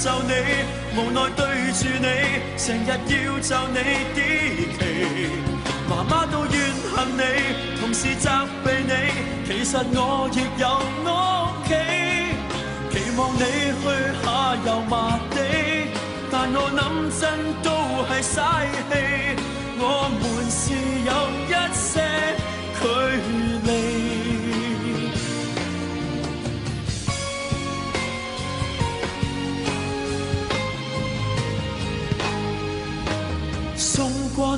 就你，無奈對住你，成日要就你啲期，媽媽都怨恨你，同時責備你，其實我亦有屋企，期望你去下油麻地，但我諗真都係嘥氣，我們是有一些距。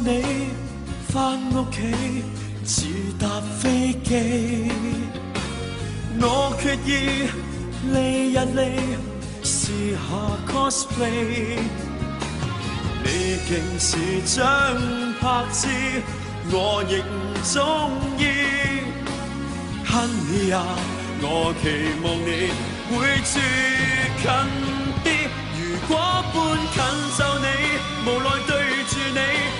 你返屋企自搭飛機，我決意你日你試下 cosplay。你竟是張柏芝，我亦唔中意。Honey 呀、啊，我期望你會住近啲。如果搬近就你，無奈對住你。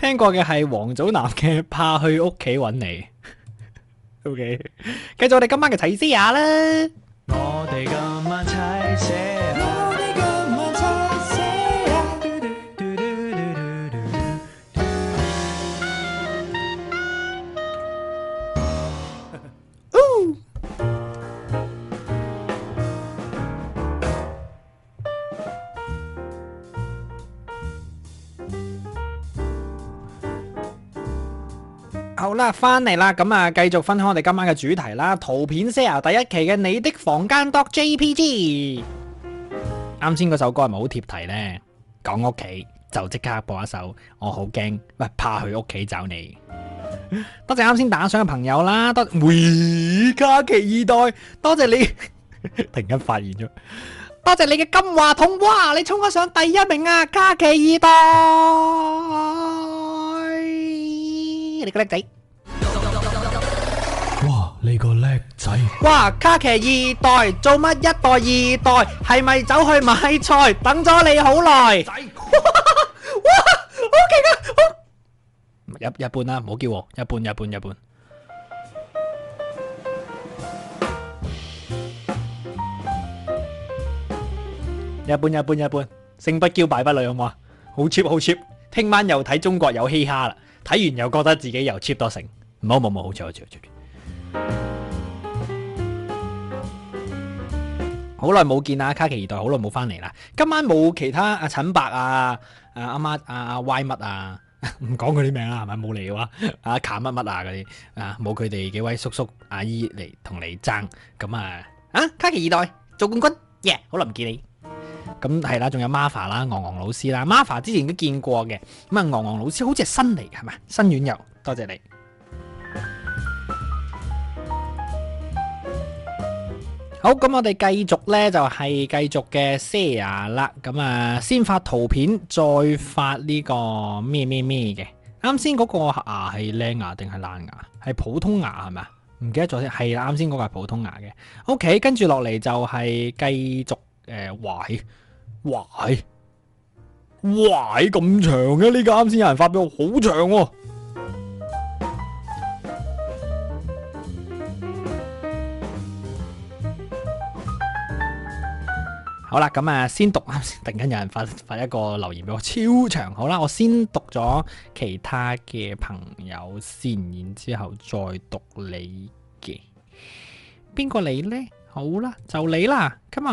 聽過嘅係王祖藍嘅怕去屋企揾你 ，OK，繼 續我哋今晚嘅齊些牙啦。我哋今晚齊好啦，翻嚟啦，咁啊，繼續分享我哋今晚嘅主題啦。圖片 sale 第一期嘅你的房間 dot jpg，啱先嗰首歌係咪好貼題呢？講屋企就即刻播一首，我好驚，唔怕去屋企找你。多謝啱先打賞嘅朋友啦，多回家奇二代，多謝你 突然間發現咗，多謝你嘅金話筒，哇，你衝咗上第一名啊，家奇二代。你個叻仔，哇！你個叻仔，哇！卡奇二代做乜？一代二代係咪走去買菜？等咗你好耐。哇！好勁啊！好一一般啦，唔好驕傲，一般一般一般，一般一般一般，勝不驕敗不餒好唔好啊？好 cheap 好 cheap，聽晚又睇中國有嘻哈啦。睇完又覺得自己又 cheap 多成，冇冇冇，好彩好彩好彩！好耐冇見啊，卡奇二代好耐冇翻嚟啦，今晚冇其他阿陳伯啊，阿阿媽啊、阿 Y 乜啊，唔講佢啲名啊，係咪冇嚟喎？啊，卡乜乜啊嗰啲啊，冇佢哋幾位叔叔阿姨嚟同你爭，咁啊啊卡奇二代做冠軍耶，好耐唔見你。咁係啦，仲、啊、有 Mafa 啦，昂昂老師啦，Mafa 之前都見過嘅，咁、嗯、啊昂昂老師好似係新嚟嘅係咪？新軟柔，多謝你。好，咁我哋繼續呢，就係、是、繼續嘅 share 牙啦。咁啊，先發圖片，再發呢、這個咩咩咩嘅。啱先嗰個牙係靚牙定係爛牙？係普通牙係咪？唔記得咗，係啱先嗰個係普通牙嘅。OK，跟住落嚟就係繼續誒壞。呃哇唉，咁長嘅、啊、呢、呢個啱先有人發俾我，好長哦、啊。 好啦，咁啊，先讀啱先，突然間有人發發一個留言俾我，超長。好啦，我先讀咗其他嘅朋友先，然之後再讀你嘅。邊個你呢？好啦，就你啦，come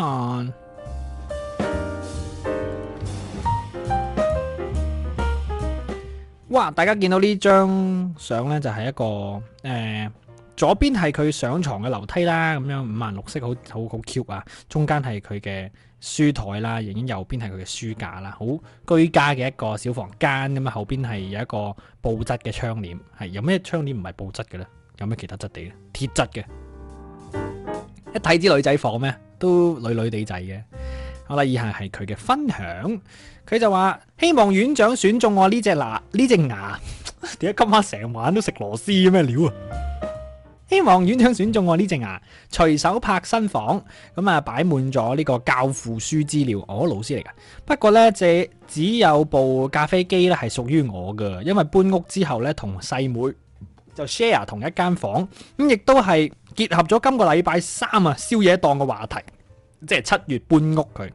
on。哇！大家見到呢張相呢，就係、是、一個誒、呃、左邊係佢上床嘅樓梯啦，咁樣五顏六色，好好好 cute 啊！Ube，中間係佢嘅書枱啦，然後右邊係佢嘅書架啦，好居家嘅一個小房間咁啊！後邊係有一個布質嘅窗簾，係有咩窗簾唔係布質嘅呢？有咩其他質地呢？鐵質嘅，一睇知女仔房咩？都女女地仔嘅。好啦，以下係佢嘅分享，佢就話，希望院長選中我呢隻牙，呢隻牙點解今晚成晚都食螺絲咁嘅咩料啊？希望院長選中我呢隻牙，隨、啊、手拍新房，咁啊擺滿咗呢個教輔書資料，我、哦、老師嚟噶。不過呢隻只有部咖啡機呢係屬於我噶，因為搬屋之後呢，同細妹、妹就 share 同一間房，咁亦都係結合咗今個禮拜三啊宵夜檔嘅話題。即係七月搬屋佢，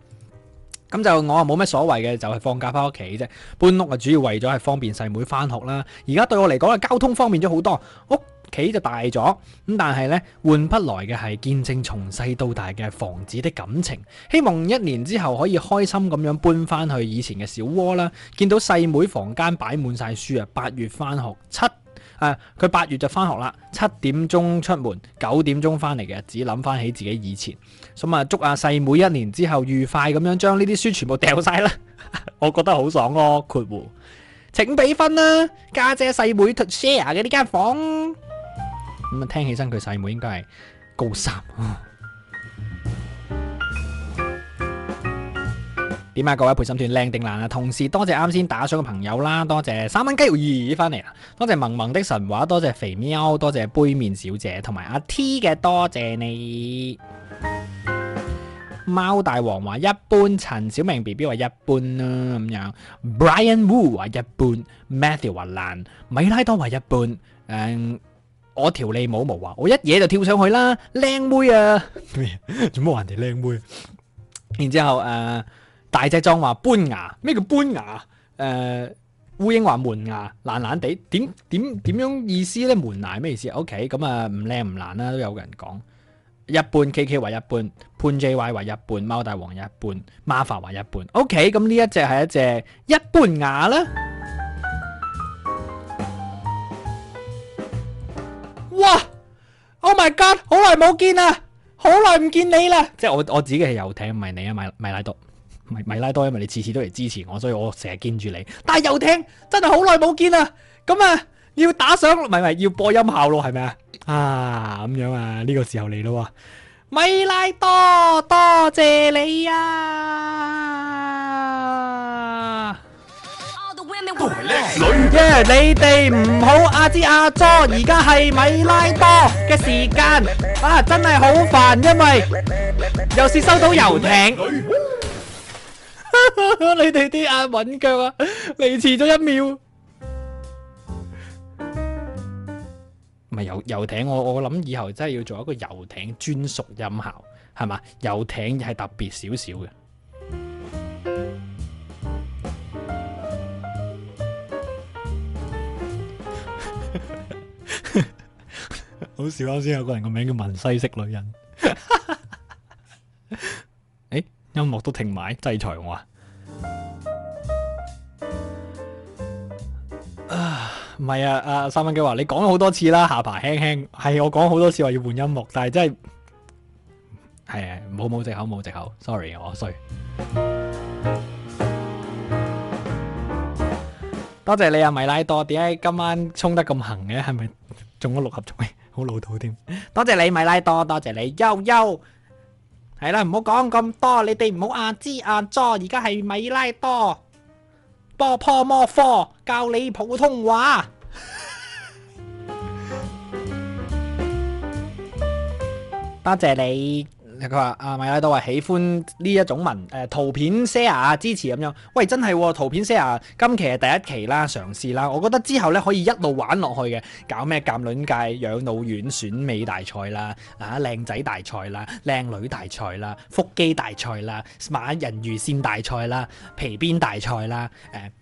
咁就我啊冇咩所謂嘅，就係放假翻屋企啫。搬屋啊，主要為咗係方便細妹翻學啦。而家對我嚟講啊，交通方便咗好多，屋企就大咗咁。但係呢，換不來嘅係見證從細到大嘅房子的感情。希望一年之後可以開心咁樣搬翻去以前嘅小窩啦。見到細妹房間擺滿晒書啊，八月翻學七。誒，佢八、啊、月就翻學啦，七點鐘出門，九點鐘翻嚟嘅，只諗翻起自己以前，咁啊祝阿細妹一年之後愉快咁樣將呢啲書全部掉晒啦， 我覺得好爽咯、啊，括弧，請俾分啦、啊，家姐細妹 share 嘅呢間房，咁啊、嗯、聽起身佢細妹應該係高三。呵呵點啊！各位陪審團靚定難啊！同時多謝啱先打賞嘅朋友啦，多謝三蚊雞咦，返嚟啦，多謝萌萌的神話，多謝肥喵，多謝杯麵小姐同埋阿 T 嘅多謝你。貓大王話一般，陳小明 B B 話一般啦咁樣，Brian Wu 話一般，Matthew 話爛，米拉多話一般。誒、嗯，我條脷冇毛啊！我一嘢就跳上去啦，靚妹啊！做乜話人哋靚妹？然之後誒。呃大隻壯話搬牙，咩叫搬牙？誒、呃，烏蠅話門牙爛爛地點點點樣意思咧？門牙咩意思？OK，咁啊唔靚唔爛啦，都、okay，有個人講一半 K K 話一半，潘 J Y 話一半，貓大王一半，m a r a 話一半。O K，咁呢一隻係一隻一般牙啦。哇！Oh my god！好耐冇見啦，好耐唔見你啦。即係我我自己係遊艇，唔係你啊，咪咪拉毒。米拉多，因為你次次都嚟支持我，所以我成日見住你。但係遊艇真係好耐冇見啦，咁啊要打賞，唔係唔係要播音效咯，係咪啊？啊咁樣啊，呢個時候嚟咯，米拉多，多謝你啊！耶！你哋唔好阿支阿佐，而家係米拉多嘅時間啊！真係好煩，因為又是收到遊艇。你哋啲阿韻腳啊，嚟遲咗一秒。唔係遊遊艇，我我諗以後真係要做一個遊艇專屬音效，係嘛？遊艇係特別少少嘅。好笑，啱先有個人個名叫文西式女人。誒，音樂都停埋，制裁我啊！唔係啊，阿三蚊雞話你講咗好多次啦，下巴輕輕係我講好多次話要換音樂，但係真係係啊，唔好冇借口冇借口，sorry 我衰。多謝你啊，米拉多，點解今晚衝得咁行嘅？係咪中咗六合彩？好老土添。多謝你米拉多，多謝你悠悠係啦，唔好講咁多，你哋唔好硬支硬撞，而家係米拉多。破破魔科教你普通話 多謝你佢話：啊，米拉都話喜歡呢一種文，誒、呃、圖片齊些牙支持咁樣。喂，真係、哦、圖片齊些牙今期係第一期啦，嘗試啦。我覺得之後呢，可以一路玩落去嘅，搞咩餃卵界養老院選美大賽啦，啊靚仔大賽啦，靚女大賽啦，腹肌大賽啦，馬人魚線大賽啦，皮鞭大賽啦，誒、呃、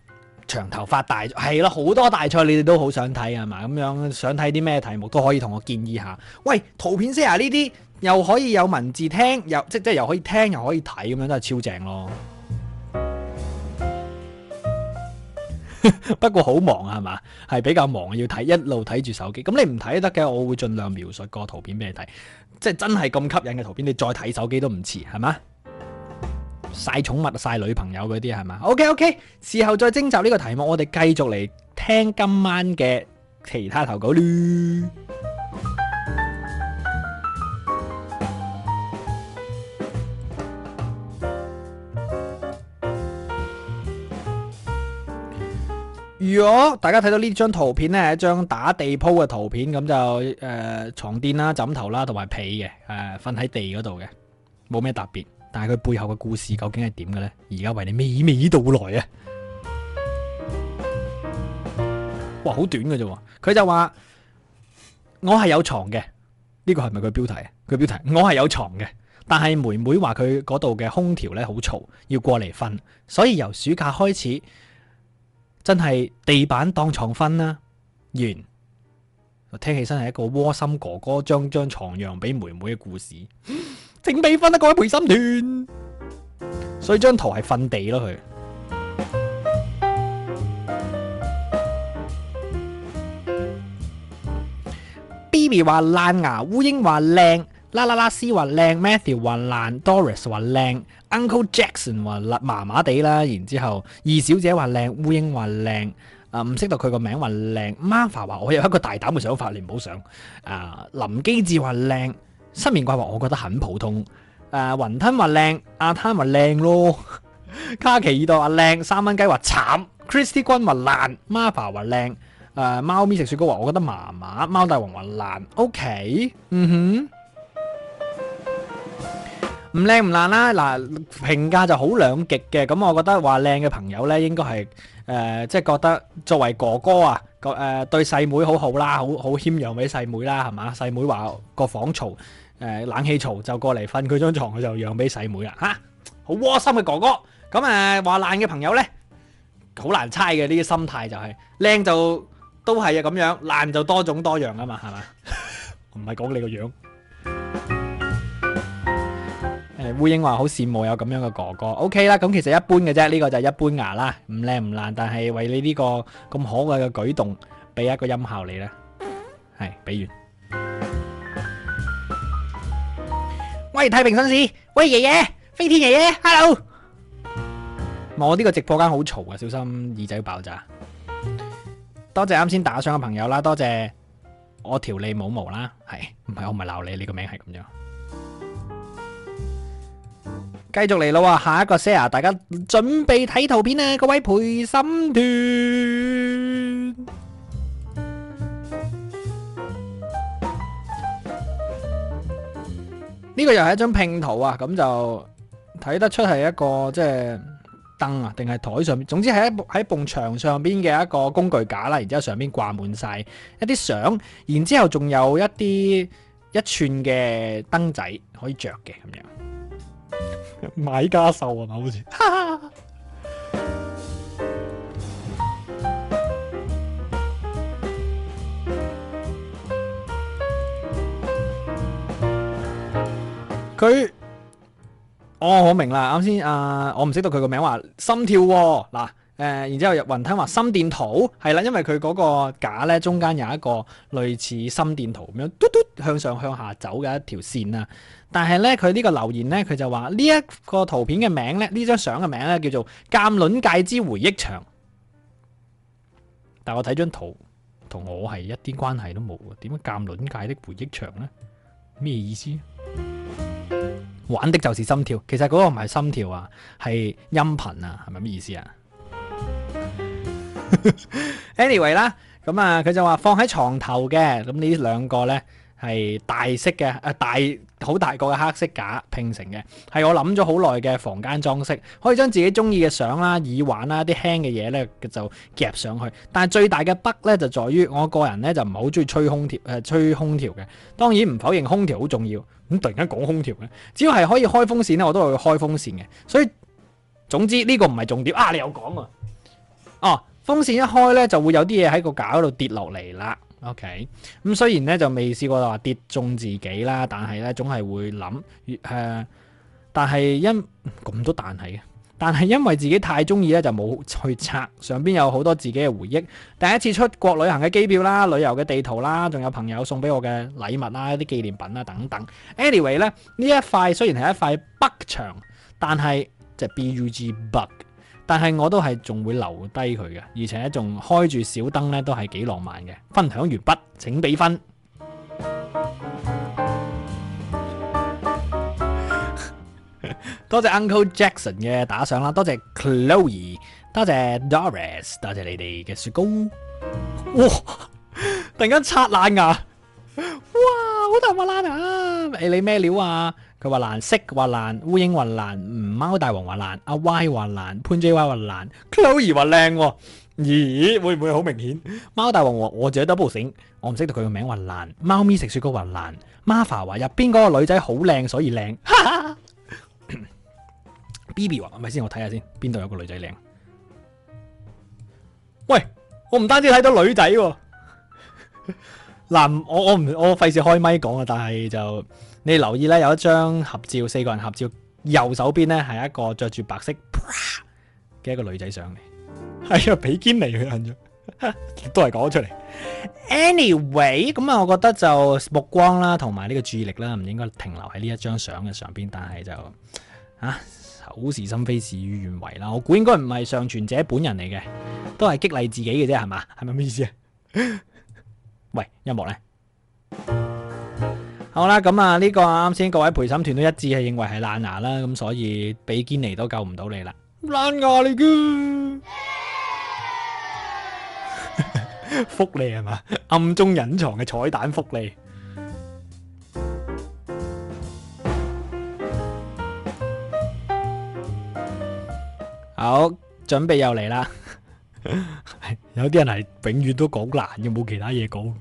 長頭髮大係咯，好多大賽你哋都好想睇係嘛？咁樣想睇啲咩題目都可以同我建議下。喂，圖片齊些牙呢啲。又可以有文字聽，又即即又可以聽又可以睇咁樣，真係超正咯！ 不過好忙啊，係嘛？係比較忙要睇，一路睇住手機。咁你唔睇都得嘅，我會盡量描述個圖片俾你睇。即係真係咁吸引嘅圖片，你再睇手機都唔遲，係嘛？晒寵物、晒女朋友嗰啲係嘛？OK OK，事後再徵集呢個題目，我哋繼續嚟聽今晚嘅其他投稿。如果大家睇到呢張圖片咧，係一張打地鋪嘅圖片，咁就誒、呃、床墊啦、枕頭啦同埋被嘅，誒瞓喺地嗰度嘅，冇咩特別。但係佢背後嘅故事究竟係點嘅呢？而家為你娓娓道來啊！哇，好短嘅啫，佢就話我係有床嘅，呢、這個係咪佢標題啊？佢標題，我係有床嘅，但係妹妹話佢嗰度嘅空調呢，好嘈，要過嚟瞓，所以由暑假開始。真係地板當床瞓啊，完。我聽起身係一個窩心哥哥將張床讓俾妹妹嘅故事，請俾分一位陪心團。所以張圖係瞓地咯佢。Bibi 話爛牙，烏蠅話靚，啦啦啦絲話靚，Matthew 話爛，Doris 話靚。Uncle Jackson 話辣麻麻地啦，然之後二小姐話靚，烏英話靚，啊唔識到佢個名話靚，Mama 話我有一個大膽嘅想法，你唔好想，啊、呃、林基智話靚，失眠怪話我覺得很普通，誒、呃、雲吞話靚，阿攤話靚咯，卡奇二代話靚，三蚊雞話慘，Christy 君話爛，Mama 話靚，誒貓、呃、咪食雪糕話我覺得麻麻，貓大王話爛，OK，嗯哼。唔靚唔爛啦，嗱，評價就好兩極嘅，咁我覺得話靚嘅朋友咧，應該係誒即係覺得作為哥哥啊，個誒對細妹好好啦，好好謙讓俾細妹啦，係嘛？細妹話個房嘈，誒冷氣嘈，就過嚟瞓佢張床，佢就讓俾細妹啦，吓，好窩心嘅哥哥。咁誒話爛嘅朋友咧，好難猜嘅，呢啲心態就係靚就都係啊咁樣，爛就多種多樣啊嘛，係嘛？唔係講你個樣。烏蠅話好羨慕有咁樣嘅哥哥，OK 啦，咁其實一般嘅啫，呢個就係一般牙啦，唔靚唔爛，但係為你呢個咁可愛嘅舉動，俾一個音效你啦，係俾完。喂，太平紳士，喂爺爺，飛天爺爺，hello。我呢個直播間好嘈啊，小心耳仔爆炸。多謝啱先打賞嘅朋友啦，多謝我條脷冇毛啦，係唔係我唔係鬧你，你個名係咁樣。繼續嚟啦！下一個 share 大家準備睇圖片啦，各位陪審團。呢個又係一張拼圖啊，咁就睇得出係一個即係燈啊，定係枱上面，總之係一喺埲牆上邊嘅一個工具架啦，然之後上面掛滿晒一啲相，然之後仲有一啲一寸嘅燈仔可以着嘅咁樣。買家秀啊嘛，好似，佢， 哦，我明啦，啱先啊，我唔知道佢個名話心跳喎、哦，嗱。誒、呃，然之後入雲吞話心電圖係啦，因為佢嗰個架咧中間有一個類似心電圖咁樣嘟嘟向上向下走嘅一條線啊。但係咧佢呢個留言咧，佢就話呢一個圖片嘅名咧，這張照片名字呢張相嘅名咧叫做《鑑論界之回憶牆》。但我睇張圖同我係一啲關係都冇嘅，點解鑑論界的回憶牆呢？咩意思？玩的就是心跳，其實嗰個唔係心跳啊，係音頻啊，係咪咩意思啊？ anyway 啦，咁啊，佢就話放喺床頭嘅，咁呢兩個呢，係大式嘅，啊大好大個嘅黑色架拼成嘅，係我諗咗好耐嘅房間裝飾，可以將自己中意嘅相啦、耳環啦、啲輕嘅嘢，呢，就夾上去。但係最大嘅 bug 呢，就在於我個人呢，就唔係好中意吹空調誒吹空調嘅，當然唔否認空調好重要。咁突然間講空調呢，只要係可以開風扇呢，我都係會開風扇嘅。所以總之呢個唔係重點啊！你有講啊哦。風扇一開咧，就會有啲嘢喺個架度跌落嚟啦。OK，咁雖然咧就未試過話跌中自己啦，但係咧總係會諗，誒、呃，但係因，咁都但係，但係因為自己太中意咧，就冇去拆。上邊有好多自己嘅回憶，第一次出國旅行嘅機票啦、旅遊嘅地圖啦，仲有朋友送俾我嘅禮物啦、啲紀念品啦等等。Anyway 咧，呢一塊雖然係一塊 bug 牆，但係就係 BUG。但係我都係仲會留低佢嘅，而且仲開住小燈咧，都係幾浪漫嘅。分享完畢，請畀分。 多謝 Uncle Jackson 嘅打賞啦，多謝 Chloe，多謝 Doris，多謝你哋嘅雪糕。哇！突然間刷爛牙，哇！好大把爛牙誒，你咩料啊？佢話難色，話難，烏蠅話難，唔貓大王話難，阿歪話難，潘姐話難 Chloe 話靚，咦？會唔會好明顯？貓大王話我只得部醒我唔識得佢個名話難，貓咪食雪糕話難 m a f a 話入邊嗰個女仔好靚，所以靚。B B 話咪係先，我睇下先，邊度有個女仔靚？喂，我唔單止睇到女仔，哦，嗱， 我我唔我費事開咪講啊，但係就。你留意咧，有一張合照，四個人合照，右手邊呢，係一個着住白色嘅一個女仔上嚟。係、哎、啊，比堅尼嘅近咗，都係講出嚟。Anyway，咁啊，我覺得就目光啦，同埋呢個注意力啦，唔應該停留喺呢一張相嘅上邊。但係就啊，口是心非，事與願違啦。我估應該唔係上傳者本人嚟嘅，都係激勵自己嘅啫，係嘛？係咪咩意思？喂，音樂呢？好啦，咁啊呢個啱先，各位陪審團都一致係認為係爛牙啦，咁所以比堅尼都救唔到你啦。爛牙嚟噶，福利係嘛？暗中隱藏嘅彩蛋福利。好，準備又嚟啦。有啲人係永遠都講爛，有冇其他嘢講？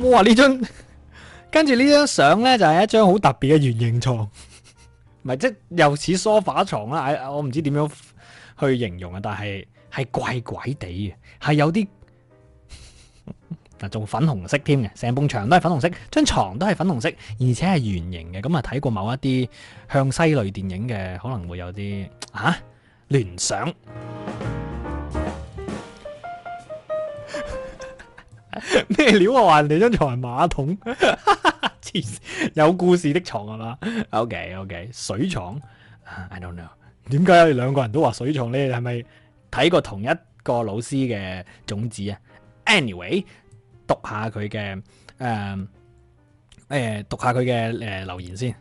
哇！呢張跟住呢張相呢，就係、是、一張好特別嘅圓形床，咪， 即又似梳化床啦。我唔知點樣去形容啊，但係係怪怪地嘅，係有啲嗱仲粉紅色添嘅，成埲牆都係粉紅色，張床都係粉紅色，而且係圓形嘅。咁啊，睇過某一啲向西類電影嘅，可能會有啲吓聯想。咩料啊？話 人哋張床係馬桶， 有故事的床係嘛？OK OK，水床，I don't know，點解你哋兩個人都話水床？你哋係咪睇過同一個老師嘅種子啊？Anyway，讀下佢嘅誒誒，讀下佢嘅誒留言先。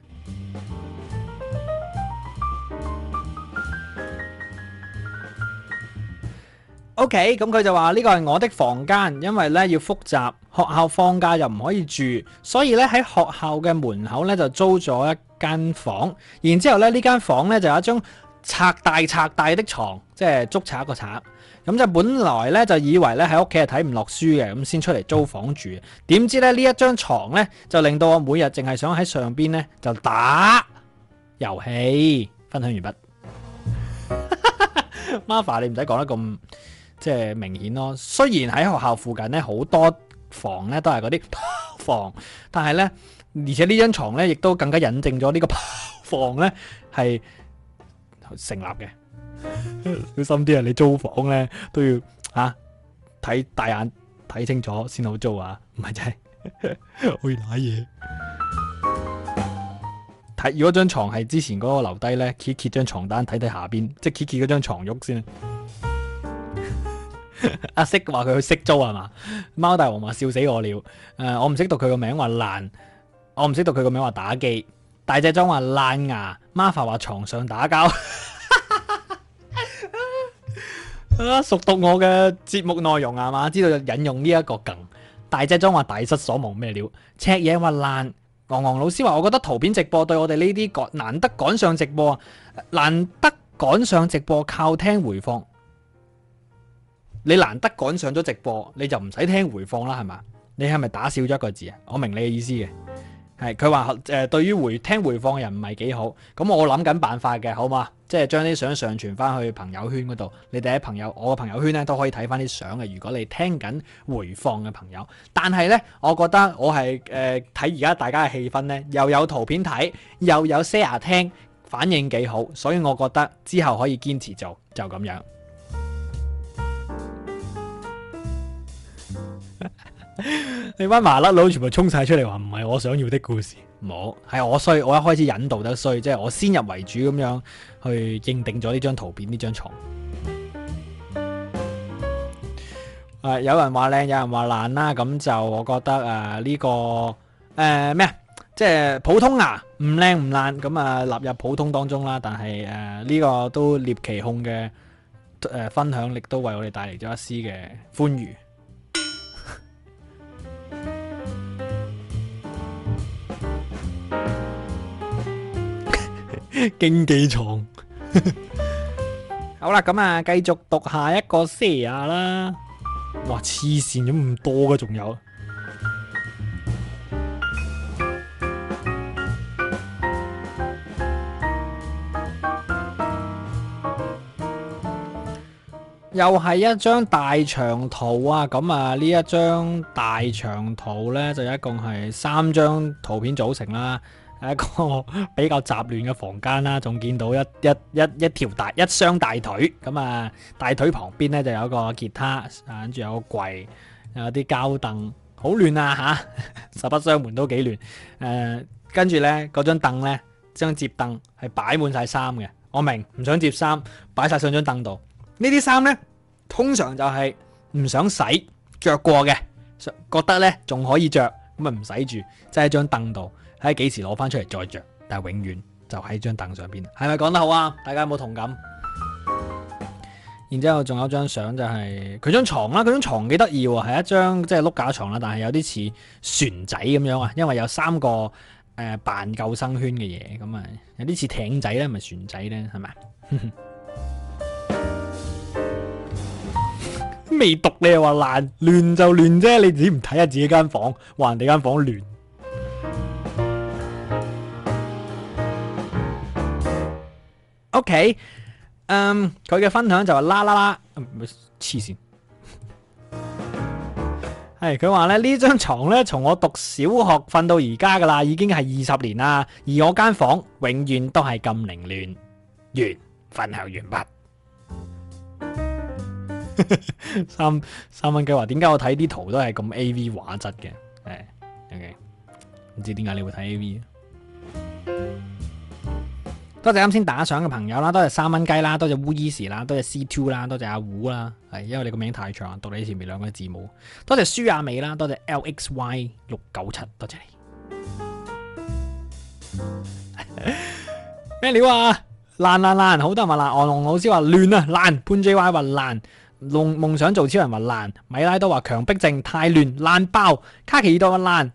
O K，咁佢就話呢個係我的房間，因為咧要復習，學校放假又唔可以住，所以咧喺學校嘅門口咧就租咗一間房，然之後咧呢間房咧就有一張拆大拆大的床，即係捉賊個賊。咁就本來咧就以為咧喺屋企係睇唔落書嘅，咁先出嚟租房住。點知咧呢一張床咧就令到我每日淨係想喺上邊咧就打遊戲。分享完畢。 Mafia，你唔使講得咁。即係明顯咯，雖然喺學校附近咧好多房咧都係嗰啲炮房，但係咧而且呢張床咧亦都更加引證咗 呢個炮房咧係成立嘅。 小心啲啊！你租房咧都要嚇睇、啊、大眼睇清楚先好租啊！唔係真係去攋嘢。睇如果張床係之前嗰個留低咧揭揭 k 張床單睇睇下邊，即係揭 i k i 嗰張牀喐先。 阿色話佢去識租係嘛？貓大王話笑死我了。誒、呃，我唔識讀佢個名話爛，我唔識讀佢個名話打機。大隻裝話爛牙 Mafia 話床上打交。 啊，熟讀我嘅節目內容係嘛？知道引用呢一個梗。大隻裝話大失所望咩料？赤嘢話爛，昂昂老師話我覺得圖片直播對我哋呢啲難得趕上直播啊，難得趕上直播靠聽回放。你難得趕上咗直播，你就唔使聽回放啦，係嘛？你係咪打少咗一個字啊？我明你嘅意思嘅，係佢話誒對於回聽回放嘅人唔係幾好，咁我諗緊辦法嘅，好嘛？即係將啲相上傳翻去朋友圈嗰度，你哋喺朋友我嘅朋友圈咧都可以睇翻啲相嘅。如果你聽緊回放嘅朋友，但係呢，我覺得我係誒睇而家大家嘅氣氛呢，又有圖片睇，又有 share 聽，反應幾好，所以我覺得之後可以堅持做，就咁樣。 你班麻甩佬全部沖晒出嚟話唔係我想要的故事，冇係我衰，我一開始引導得衰，即係我先入為主咁樣去認定咗呢張圖片呢張床。誒，有人話靚，有人話爛啦，咁就我覺得誒呢，啊這個誒咩，啊，即係普通啊，唔靚唔爛，咁啊納入普通當中啦。但係誒呢個都獵奇控嘅誒、呃、分享力都為我哋帶嚟咗一絲嘅歡愉。經濟藏。好啦，咁啊，繼續讀下一個啊啦。哇，黐線咁多噶？啊，仲有，又係一張大長圖啊！咁啊，呢一張大長圖呢，就一共係三張圖片組成啦。 一個比較雜亂嘅房間啦、啊，仲見到一一一一條大一雙大腿，咁啊大腿旁邊咧就有個吉他，跟、啊、住有個櫃，有啲膠凳，好亂啊吓、啊！實不相瞞都幾亂。誒、啊，跟住咧嗰張凳咧，張摺凳係擺滿晒衫嘅。我明唔想摺衫，擺晒上張凳度。呢啲衫咧，通常就係唔想洗着過嘅，覺得咧仲可以着，咁啊唔使住，即係張凳度。喺幾時攞翻出嚟再着？但係永遠就喺張凳上邊，係咪講得好啊？大家有冇同感？ 然之後仲有張相就係佢張床啦，佢張床幾得意喎，係一張，就是，一張即係碌架床啦，但係有啲似船仔咁樣啊，因為有三個誒扮、呃、救生圈嘅嘢，咁啊有啲似艇仔咧，咪船仔咧，係咪？未 讀你又話爛亂，就亂啫，你自己唔睇下自己間房，話人哋間房亂。OK，佢、嗯、嘅分享就係啦啦啦，黐、呃、線。係佢話咧，呢張床呢，從我讀小學瞓到而家噶啦，已經係二十年啦。而我間房永遠都係咁凌亂。完，分享完畢。 三三蚊雞話：點解我睇啲圖都係咁 A V 畫質嘅？誒，點解？唔知點解你會睇 A V？多謝啱先打賞嘅朋友啦，多謝三蚊雞啦，多謝烏衣士啦，多謝 C two 啦，多謝阿胡啦，係因為你個名太長，讀你前面兩個字母。多謝舒阿美啦，多謝 L X Y 六九七，多謝你。咩料 啊？爛爛爛，好多人都話爛，阿、哦、龍老師話亂啊，爛潘 J Y 話爛，龍夢想做超人話爛，米拉都話強迫症太亂爛爆，卡奇爾都話爛，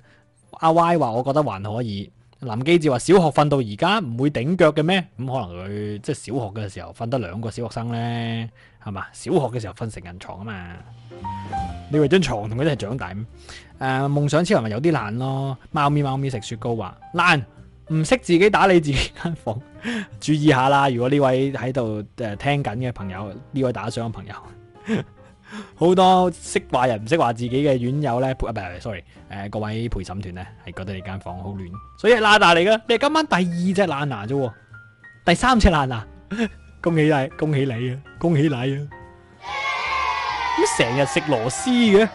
阿、啊、Y 話我覺得還可以。林基智話：小學瞓到而家唔會頂腳嘅咩？咁可能佢即係小學嘅時候瞓得兩個小學生呢，係嘛？小學嘅時候瞓成人床啊嘛，嗯嗯、你話張床同佢一齊長大咁。呃、夢想超人咪有啲懶咯，貓咪貓咪食雪糕話懶，唔識自己打理自己間房， 注意一下啦！如果呢位喺度誒聽緊嘅朋友，呢位打賞嘅朋友。 好多識話人唔識話自己嘅院友咧，sorry 誒、呃、各位陪審團咧係覺得你間房好亂，所以爛牙嚟噶，你係今晚第二隻爛牙啫，第三隻爛牙，恭喜你，恭喜你啊，恭喜你啊，咁成日食螺絲嘅。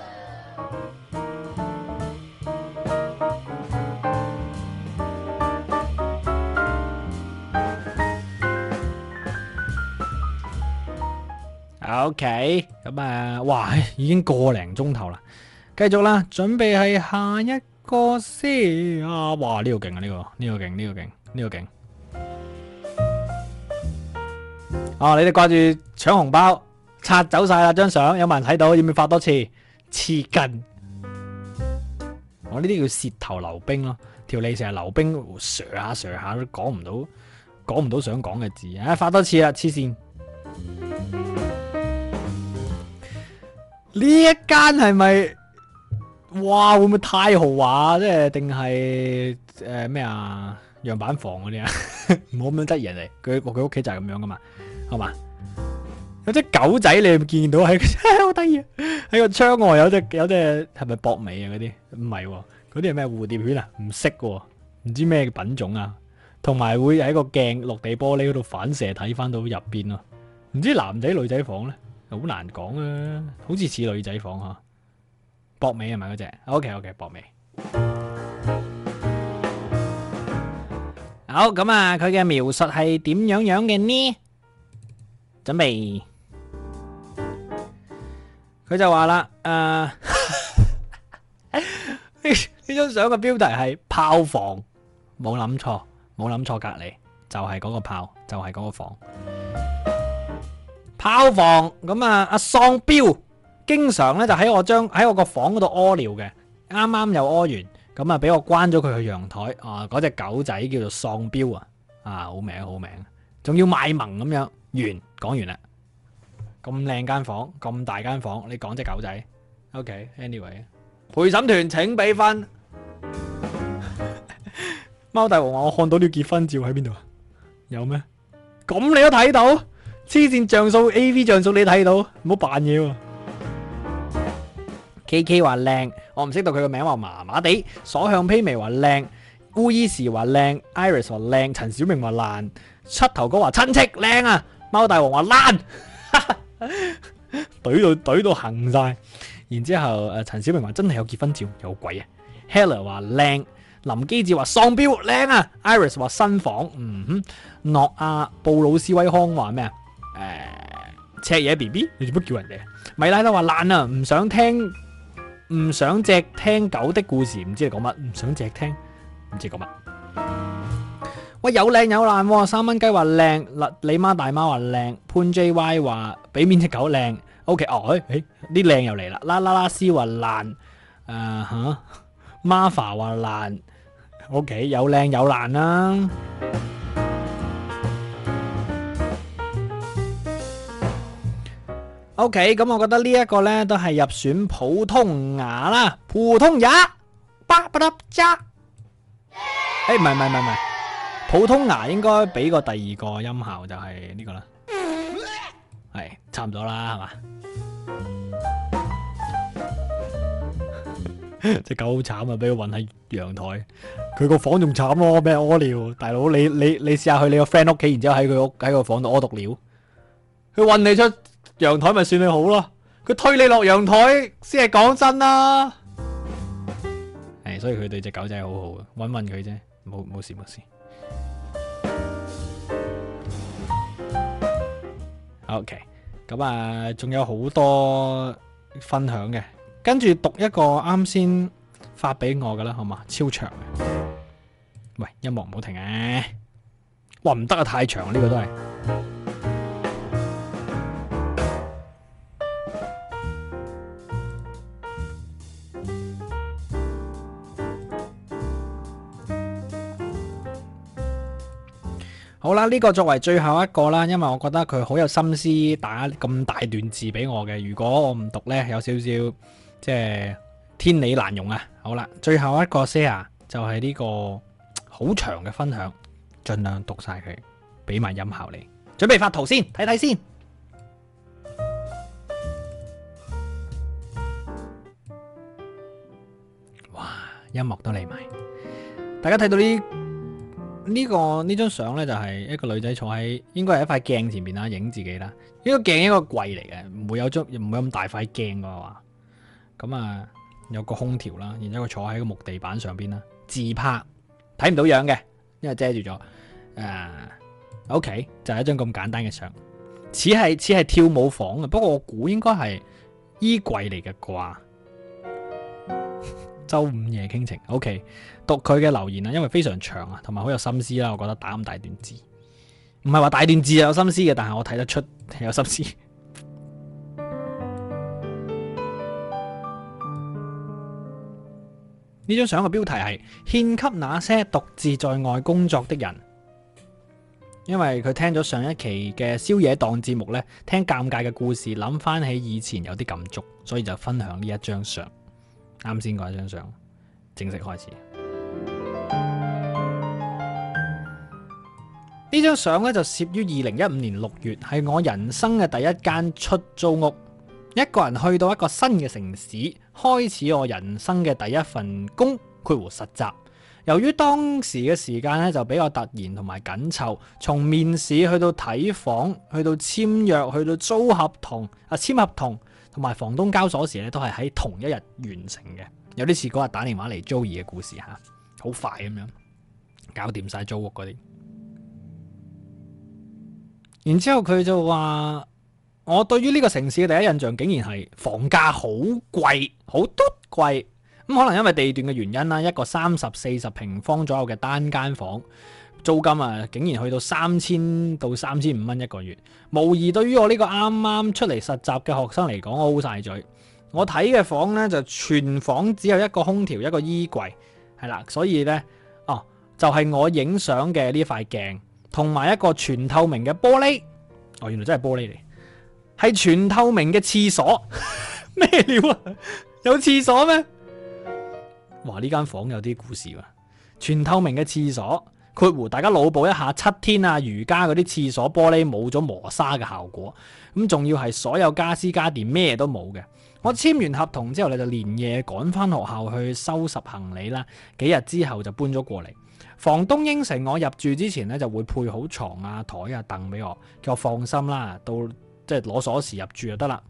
O K，咁誒，哇，已經個零鐘頭啦，繼續啦，準備係下一個先。啊，哇，呢個勁啊，呢個，呢個勁，呢個勁，呢個勁。啊，你哋掛住搶紅包，拆走晒啦張相，有冇人睇到？要唔要發多次？黐筋，我呢啲叫舌頭溜冰咯，條脷成日溜冰，sir 下 sir 下都講唔到，講唔到想講嘅字。哎，發多次啊，黐線。呢一間係咪？哇，會唔會太豪華？即係定係誒咩啊？樣板房嗰啲啊，唔好咁樣質疑人哋。佢佢屋企就係咁樣噶嘛，係嘛？有隻狗仔你見到喺，好得意！喺個窗外有隻有隻係咪博美啊？嗰啲唔係喎，嗰啲係咩蝴蝶犬啊？唔識嘅喎，唔知咩品種啊？同埋會喺個鏡落地玻璃嗰度反射睇翻到入邊咯。唔知男仔女仔房咧？好難講啊，好似似女仔房嗬，博美係咪嗰隻？OK OK，博美。好，咁啊，佢嘅描述係點樣樣嘅呢？準備，佢就話啦，誒，呢呢張相嘅標題係炮房，冇諗錯，冇諗錯，隔籬就係、是、嗰個炮，就係、是、嗰個房。貓房咁啊！阿喪彪經常咧就喺我張喺我個房嗰度屙尿嘅，啱啱又屙完，咁啊俾我關咗佢去陽台。啊，嗰隻狗仔叫做喪彪啊，啊好名好名，仲要賣萌咁樣完講完啦。咁靚間房，咁大間房，你講隻狗仔？OK，Anyway，陪審團請俾分。貓大王話：我看到啲結婚照喺邊度啊？有咩？咁你都睇到？.黐線像素 A.V. 像素你睇到，唔好扮嘢喎。K.K. 話靚，我唔識到佢個名話麻麻地，所向披靡話靚，烏衣士話靚，Iris 話靚，陳小明話爛，七頭哥話親戚靚啊，貓大王話爛，懟到懟到行晒。然之後，誒，陳、呃、小明話真係有結婚照，有鬼啊。Heller 話靚，林基智話喪彪靚啊，Iris 話新房，嗯哼，諾亞、啊、布魯斯威康話咩啊？誒、呃，赤嘢 B B，你做乜叫人哋？米拉都話爛啊，唔想聽，唔想只聽狗的故事，唔知你講乜？唔想只聽，唔知講乜？喂，有靚有爛、哦，三蚊雞話靚，嗱你媽大媽話靚，潘 J Y 話俾面隻狗靚，O K 哦，誒、哎、誒，啲、哎、靚又嚟啦，啦啦啦斯，思話爛，誒吓 m a f a 話爛，O K 有靚有爛啦、啊。O K，咁我覺得呢一個呢都係入選普通牙啦，普通牙，巴、欸、不得揸。誒，唔係唔係唔係，普通牙應該俾個第二個音效就係呢個啦，係、嗯、差唔多啦，係嘛？隻、嗯嗯嗯這個、狗好慘啊，俾佢運喺陽台，佢個房仲慘咯，俾人屙尿。大佬，你你,你,你試下去你個 friend 屋企，然之後喺佢屋喺個房度屙毒尿，佢運你出。陽台咪算你好咯，佢推你落陽台先係講真啦、啊。係，所以佢對隻狗仔好好啊，搵問佢啫，冇冇事冇事。OK，咁啊，仲有好多分享嘅，跟住讀一個啱先發俾我㗎啦，好嘛？超長嘅，喂，音樂唔好停啊！哇唔得啊，太長呢、啊呢個都係。好啦，呢個作為最後一個啦，因為我覺得佢好有心思打咁大段字俾我嘅。如果我唔讀呢，有少少即係天理難容啊！好啦，最後一個 share 啊就係呢個好長嘅分享，盡量讀晒佢，俾埋音效你。準備發圖先，睇睇先。哇，音樂都嚟埋，大家睇到呢？呢、個呢張相咧就係一個女仔坐喺，應該係一塊鏡前面啦，影自己啦。一個鏡一個櫃嚟嘅，唔會有張唔會咁大塊鏡嘅話，咁啊有個空調啦，然之後佢坐喺個木地板上邊啦，自拍睇唔到樣嘅，因為遮住咗。誒、uh，OK，就係一張咁簡單嘅相，似係似係跳舞房嘅，不過我估應該係衣櫃嚟嘅啩。 周五夜傾情，OK。讀佢嘅留言啦，因為非常長啊，同埋好有心思啦。我覺得打咁大段字，唔係話大段字有心思嘅，但係我睇得出有心思。呢 張相嘅標題係獻給那些獨自在外工作的人，因為佢聽咗上一期嘅宵夜檔節目咧，聽尷尬嘅故事，諗翻起以前有啲感觸，所以就分享呢一張相。啱先嗰一張相正式開始。呢張相咧就攝於二零一五年六月，係我人生嘅第一間出租屋。一個人去到一個新嘅城市，開始我人生嘅第一份工，括弧實習。由於當時嘅時間咧就比較突然同埋緊湊，從面試去到睇房，去到簽約，約，去到租合同啊，簽合同，同埋房東交鎖匙咧都係喺同一日完成嘅。有啲似嗰日打電話嚟租嘢嘅故事下，好快咁樣搞掂晒租屋嗰啲。然之後佢就話：我對於呢個城市嘅第一印象，竟然係房價好貴，好篤貴咁。可能因為地段嘅原因啦，一個三十四十平方左右嘅單間房租金啊，竟然去到三千到三千五蚊一個月。無疑對於我呢個啱啱出嚟實習嘅學生嚟講，O 晒嘴。我睇嘅房呢，就全房只有一個空調，一個衣櫃，係啦。所以呢，哦，就係、係、我影相嘅呢塊鏡。同埋一個全透明嘅玻璃，哦，原來真係玻璃嚟，係全透明嘅廁所，咩 料啊？有廁所咩？哇！呢間房有啲故事啊！全透明嘅廁所，括弧大家腦補一下，七天啊、如家嗰啲廁所玻璃冇咗磨砂嘅效果，咁仲要係所有家私家電咩都冇嘅。我簽完合同之後，你就連夜趕翻學校去收拾行李啦，幾日之後就搬咗過嚟。房東應承我入住之前咧，就會配好床啊台、啊凳，俾我，叫我放心啦，到即係攞鎖匙入住就得啦。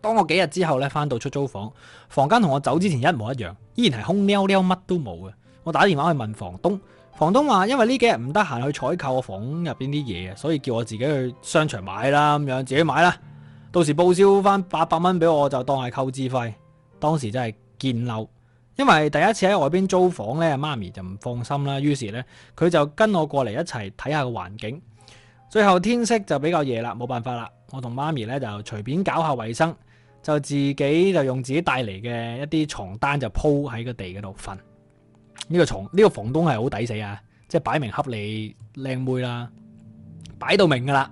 當我幾日之後咧，翻到出租房，房間同我走之前一模一樣，依然係空溜溜，乜都冇嘅。我打電話去問房東，房東話因為呢幾日唔得閒去採購個房入邊啲嘢，所以叫我自己去商場買啦咁樣，自己買啦，到時報銷翻八百蚊俾我就當係購置費。當時真係見嬲。因為第一次喺外邊租房咧，媽咪就唔放心啦。於是咧，佢就跟我過嚟一齊睇下個環境。最後天色就比較夜啦，冇辦法啦，我同媽咪咧就隨便搞下衛生，就自己就用自己帶嚟嘅一啲床單就鋪喺個地嗰度瞓。呢、這個床呢、這個房東係好抵死啊！即係擺明恰你靚妹啦，擺到明噶啦。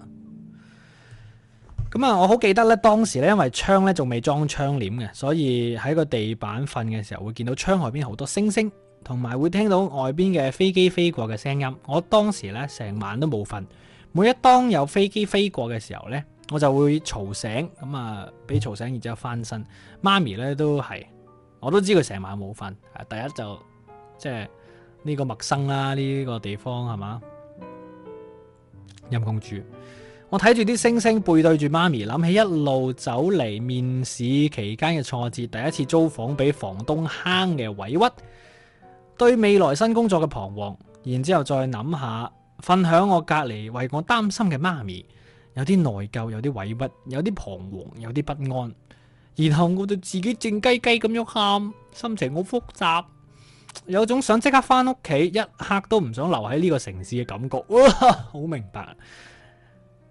咁啊，我好記得咧，當時咧，因為窗咧仲未裝窗簾嘅，所以喺個地板瞓嘅時候會見到窗外邊好多星星，同埋會聽到外邊嘅飛機飛過嘅聲音。我當時咧成晚都冇瞓，每一當有飛機飛過嘅時候咧，我就會嘈醒，咁啊，俾嘈醒，然之後翻身。媽咪咧都係，我都知佢成晚冇瞓。第一就即係呢個陌生啦、啊，呢、呢個地方係嘛，陰公主。我睇住啲星星背對住媽咪，諗起一路走嚟面試期間嘅挫折，第一次租房俾房東坑嘅委屈，對未來新工作嘅彷徨，然之後再諗下，瞓響我隔籬為我擔心嘅媽咪，有啲內疚，有啲委屈，有啲彷徨，有啲不安，然後我就自己靜雞雞咁樣喊，心情好複雜，有種想即刻翻屋企，一刻都唔想留喺呢個城市嘅感覺，哇，好明白。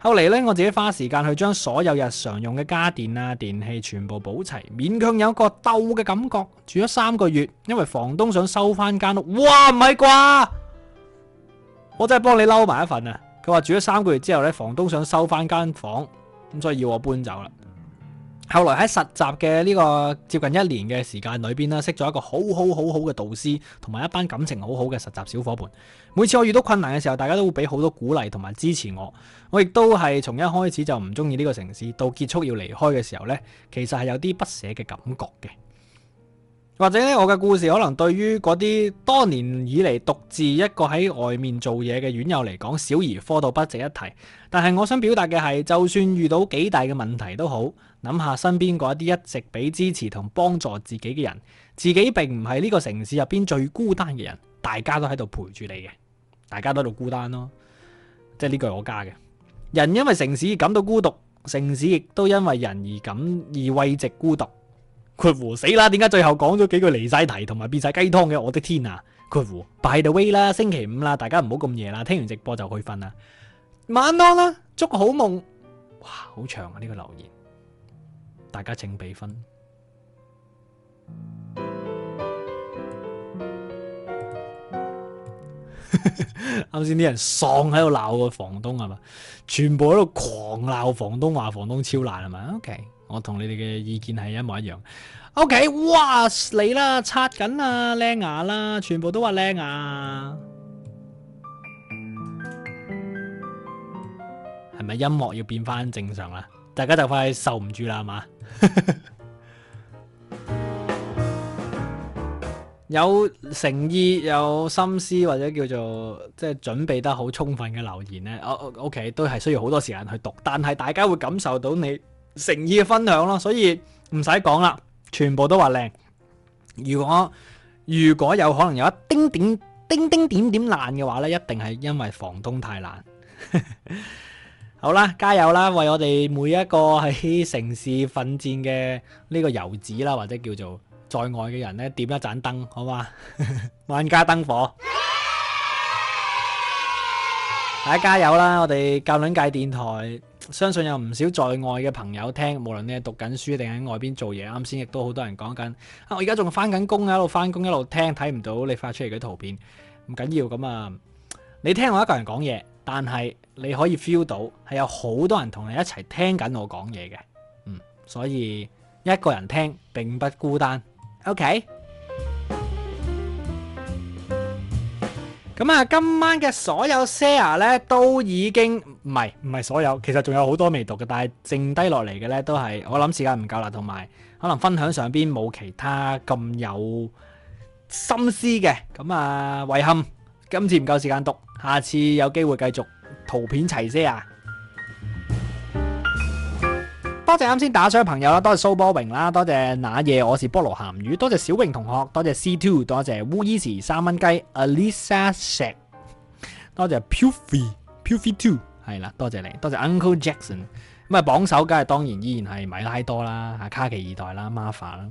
後嚟咧，我自己花時間去將所有日常用嘅家電啊、電器全部補齊，勉強有一個竇嘅感覺。住咗三個月，因為房東想收翻間屋，哇，唔係啩？我真係幫你嬲埋一份啊！佢話住咗三個月之後咧，房東想收翻間房，咁所以要我搬走啦。後來喺實習嘅呢個接近一年嘅時間裏邊啦，識咗一個好好好好嘅導師，同埋一班感情好好嘅實習小伙伴。每次我遇到困難嘅時候，大家都會俾好多鼓勵同埋支持我。我亦都係從一開始就唔中意呢個城市，到結束要離開嘅時候呢，其實係有啲不捨嘅感覺嘅。或者呢，我嘅故事可能對於嗰啲多年以嚟獨自一個喺外面做嘢嘅院友嚟講，小兒科到不值一提。但係我想表達嘅係，就算遇到幾大嘅問題都好。諗下身邊嗰一啲一直俾支持同幫助自己嘅人，自己並唔係呢個城市入邊最孤單嘅人，大家都喺度陪住你嘅，大家都喺度孤單咯。即係呢句係我加嘅。人因為城市感到孤獨，城市亦都因為人而感而慰藉孤獨。括弧死啦，點解最後講咗幾句離晒題同埋變晒雞湯嘅？我的天啊，括弧 by the way 啦，星期五啦，大家唔好咁夜啦，聽完直播就去瞓啦，晚安啦，祝好夢。哇，好長啊呢個留言。大家請俾分。啱先啲人喪喺度鬧個房東係嘛，全部喺度狂鬧房東話房東超爛係嘛。OK，我同你哋嘅意見係一模一樣。OK，哇你啦，刷緊啊，靚牙啦，全部都話靚牙。係咪音樂要變翻正常啦？大家就快受唔住啦，係嘛？有誠意、有心思或者叫做即係準備得好充分嘅留言咧，我 OK 都係需要好多時間去讀，但係大家會感受到你誠意嘅分享咯，所以唔使講啦，全部都話靚。如果如果有可能有一丁點丁丁點點爛嘅話咧，一定係因為房東太爛。好啦，加油啦！為我哋每一個喺城市奮戰嘅呢個遊子啦，或者叫做在外嘅人咧，點一盞燈，好嘛？ 萬家燈火，大家加油啦！我哋教兩界電台，相信有唔少在外嘅朋友聽，無論你係讀緊書定喺外邊做嘢。啱先亦都好多人講緊啊，我而家仲翻緊工啊，一路翻工一路聽，睇唔到你發出嚟嘅圖片，唔緊要咁啊，你聽我一個人講嘢。但係你可以 feel 到係有好多人同你一齊聽緊我講嘢嘅，嗯，所以一個人聽並不孤單，OK？咁啊，今晚嘅所有 share 咧都已經唔係，唔係所有，其實仲有好多未讀嘅，但係剩低落嚟嘅咧都係我諗時間唔夠啦，同埋可能分享上邊冇其他咁有心思嘅，咁啊，遺憾。今次唔夠時間讀，下次有機會繼續。圖片齊些牙！多謝啱先打賞朋友啦，多謝蘇波榮啦，多謝那夜我是菠蘿咸魚，多謝小榮同學，多謝 C two，多謝烏衣三蚊雞 Alisa Shek, 多謝 Puffy Puffy two 係啦，多謝你，多謝 Uncle Jackson。咁啊，榜首梗係當然依然係米拉多啦，阿卡奇二代啦，Mafia 啦。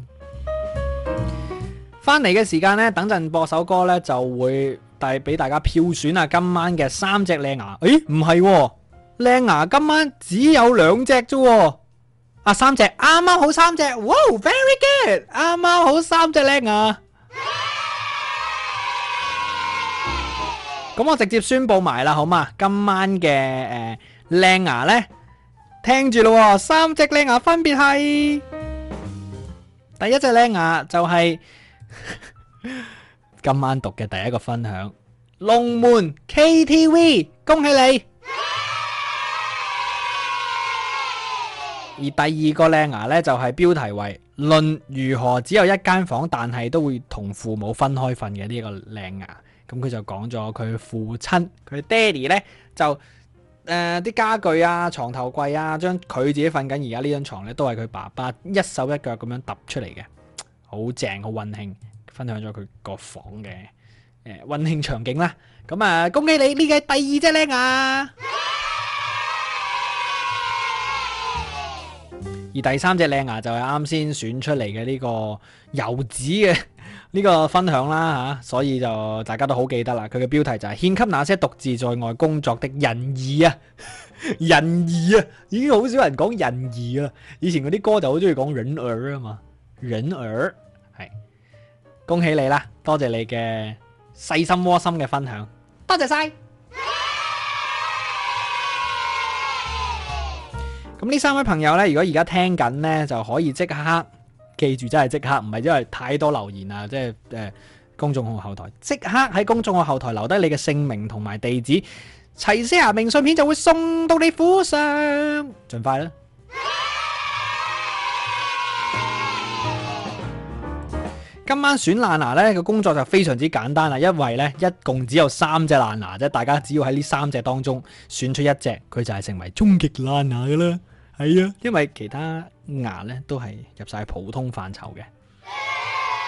翻嚟嘅時間呢，等陣播首歌呢就會。但係俾大家票選啊，今晚嘅三隻靚牙，誒、欸，唔係靚牙，今晚只有兩隻啫。啊，三隻啱啱好三隻，哇，very good，啱啱好三隻靚牙。咁 Yeah! 我直接宣布埋啦，好嘛，今晚嘅誒靚牙呢？聽住咯、啊，三隻靚牙分別係第一隻靚牙就係、是。 今晚讀嘅第一個分享，龍門 KTV，恭喜你！耶而第二個靚牙呢，就係標題為論如何只有一間房，但係都會同父母分開瞓嘅呢個靚牙。咁佢就講咗佢父親佢爹哋呢，就誒啲、呃、家具啊床頭櫃啊，將佢自己瞓緊而家呢張床呢，都係佢爸爸一手一腳咁樣揼出嚟嘅，好正好温馨。分享咗佢個房嘅誒溫馨場景啦，咁啊，恭喜你呢個第二隻靚牙， 而第三隻靚牙就係啱先選出嚟嘅呢個遊子嘅呢個分享啦吓，所以就大家都好記得啦。佢嘅標題就係、是、獻給那些獨自在外工作的人兒啊，人 兒啊，已經好少人講人兒啊，以前嗰啲歌就好中意講忍兒啊嘛，忍兒。恭喜你啦！多謝你嘅細心窩心嘅分享，多謝晒。咁呢耶三位朋友呢，如果而家聽緊呢，就可以即刻記住，真係即刻，唔係因為太多留言啊，即係誒，公眾號後台即刻喺公眾號後台留低你嘅姓名同埋地址，齊些牙明信片就會送到你府上，盡快啦。今晚選爛牙呢，個工作就非常之簡單啦，因為呢一共只有三隻爛牙啫，大家只要喺呢三隻當中選出一隻，佢就係成為終極爛牙嘅啦。係啊，因為其他牙呢都係入晒普通範疇嘅。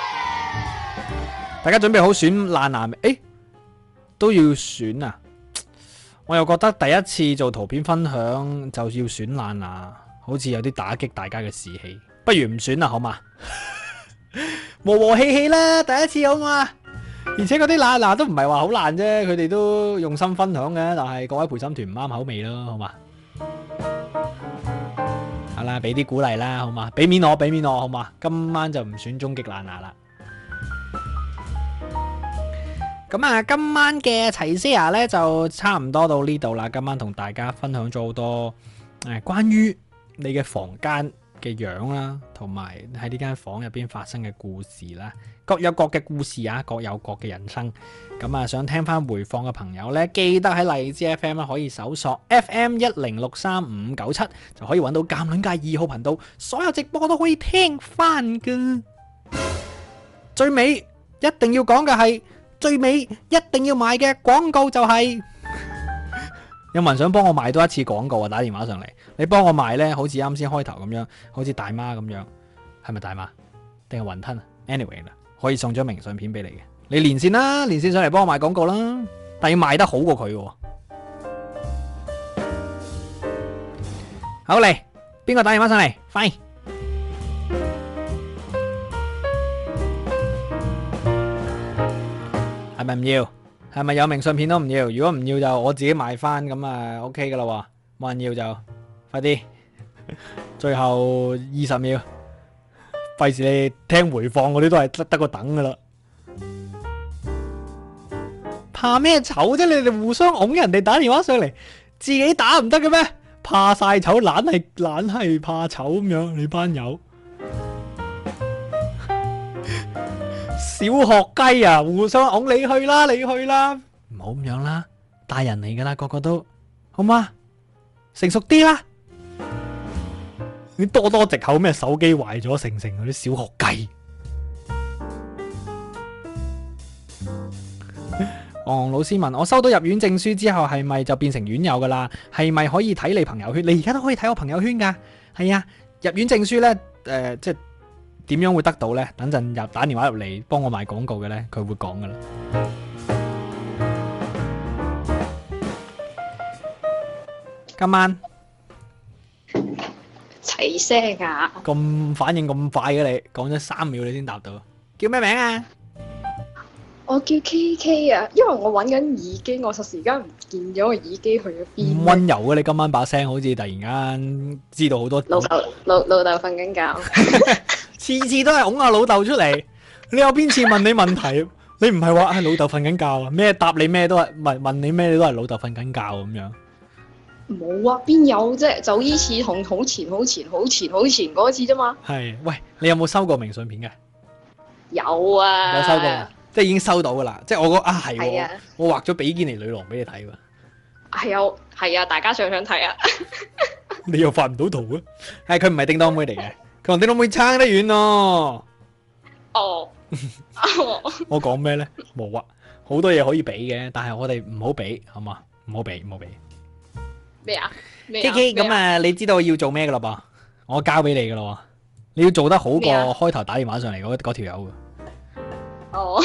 大家準備好選爛牙未？誒、欸，都要選啊？我又覺得第一次做圖片分享就要選爛牙，好似有啲打擊大家嘅士氣，不如唔選啦，好嘛？ 和和氣氣啦，第一次好嘛？而且嗰啲爛牙都唔係話好爛啫，佢哋都用心分享嘅，但係各位陪審團唔啱口味咯，好嘛？ 好啦，俾啲鼓勵啦，好嘛？俾面我，俾面我，好嘛？今晚就唔選終極爛牙啦。咁啊， 今晚嘅齊些牙呢就差唔多到呢度啦。今晚同大家分享咗好多誒，關於你嘅房間。嘅樣啦，同埋喺呢間房入邊發生嘅故事啦，各有各嘅故事啊，各有各嘅人生。咁啊，想聽翻回放嘅朋友呢，記得喺荔枝 FM 可以搜索 FM 一零六三五九七，就可以揾到《鑑論界二號》頻道，所有直播都可以聽翻噶。最尾一定要講嘅係，最尾一定要賣嘅廣告就係。有冇人想幫我賣多一次廣告啊？打電話上嚟，你幫我賣呢，好似啱先開頭咁樣，好似大媽咁樣，係咪大媽？定係雲吞啊？Anyway 可以送張明信片俾你嘅，你連線啦，連線上嚟幫我賣廣告啦，但要賣得好過佢嘅。好嚟，邊個打電話上嚟？快，係咪唔要？係咪有明信片都唔要？如果唔要就我自己買翻咁啊，O K 噶啦，冇人要就快啲。最後二十秒，費事你聽回放嗰啲都係得得個等噶啦。怕咩醜啫？你哋互相㧬人哋打電話上嚟，自己打唔得嘅咩？怕晒醜，懶係懶係怕醜咁樣，你班友。小學雞啊，互相拱你去啦，你去啦，唔好咁樣啦，大人嚟噶啦，個個都好嘛，成熟啲啦，你多多藉口咩？手機壞咗成成嗰啲小學雞，王、 哦、老師問我收到入院證書之後係咪就變成院友噶啦？係咪可以睇你朋友圈？你而家都可以睇我朋友圈噶？係啊，入院證書呢，誒、呃，即係。點樣會得到呢？等陣入打電話入嚟幫我賣廣告嘅呢，佢會講噶啦。今晚齊聲啊，咁反應咁快嘅你，講咗三秒你先答到，叫咩名啊？我叫 KK 啊，因為我搵緊耳機，我霎時間唔見咗個耳機去咗邊。唔温柔嘅你，今晚把聲好似突然間知道好多老豆老老豆瞓緊覺。次次都係拱下老豆出嚟，你有邊次問你問題？ 你唔係話係老豆瞓緊覺啊？咩答你咩都係問問你咩你都係老豆瞓緊覺咁樣？冇啊，邊有啫？就呢次同好前好前好前好前嗰次啫嘛。係，喂，你有冇收過明信片嘅？有啊，有收過啊，即係已經收到噶啦，即係我覺得啊係，啊啊我畫咗比基尼女郎俾你睇嘛。係有，哎，係啊，大家想想睇啊。 你又發唔到圖啊？係佢唔係叮噹妹嚟嘅。 佢話啲老妹撐得遠咯、哦 oh. oh. 哦，我講咩咧？冇啊，好多嘢可以俾嘅，但係我哋唔好俾，好嘛？唔好俾，唔好俾。咩啊？K K 咁啊麼？你知道要做咩噶啦？噃，我交俾你噶啦，你要做得好過麼開頭打電話上嚟嗰嗰條友噶。哦。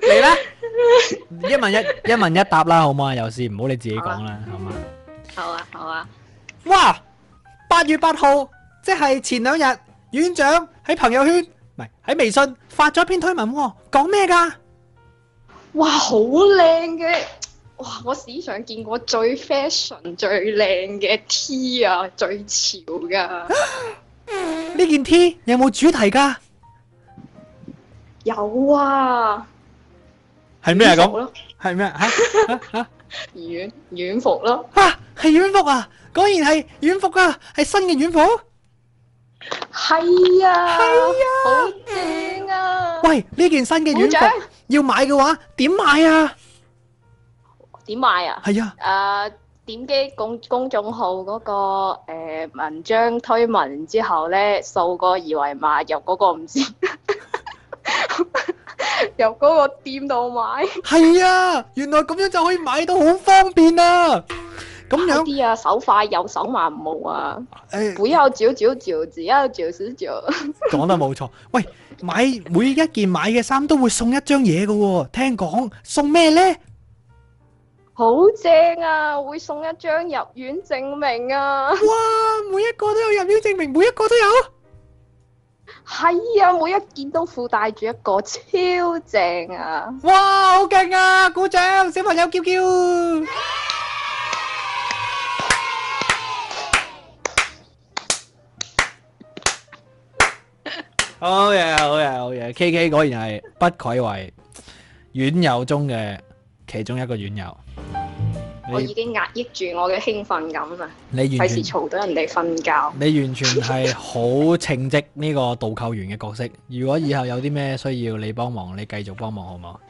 你咧？一問一，一問一答啦，好嘛？有事唔好你自己講啦，好嘛、啊？好，嗎好啊，好啊。哇！八月八號。即係前兩日，院長喺朋友圈唔係喺微信發咗一篇推文，講咩噶？哇，好靚嘅，哇！我史上見過最 fashion、最靚嘅 T 啊，最潮噶！呢件 T 有冇主題噶？有啊，係咩啊？咁係咩啊？啊啊！院院服咯，哇！係院服啊，果然係院服啊，係新嘅院服。係啊，係啊，好正啊！喂，呢件新嘅院服要買嘅話，點買啊？點買啊？係啊，誒，點擊公公眾號嗰個誒文章推文之後呢，掃個二維碼入嗰個唔知，入嗰個店度買。係啊，原來咁樣就可以買到好方便啊！咁樣啲啊，手快有手慢冇啊！誒，不要九九九，只要九十九。講得冇錯，喂，買每一件買嘅衫都會送一張嘢嘅喎，聽講送咩呢？好正啊，會送一張入院證明啊！哇，每一個都有入院證明，每一個都有？係啊，每一件都附帶住一個，超正啊！哇，好勁啊！鼓掌，小朋友叫叫。好嘢，好嘢，好嘢，KK 果然係不愧為院友中嘅其中一個院友。我已經壓抑住我嘅興奮感啦。你費事嘈到人哋瞓覺。你完全係好稱職呢個導購員嘅角色。如果以後有啲咩需要你幫忙，你繼續幫忙好唔好？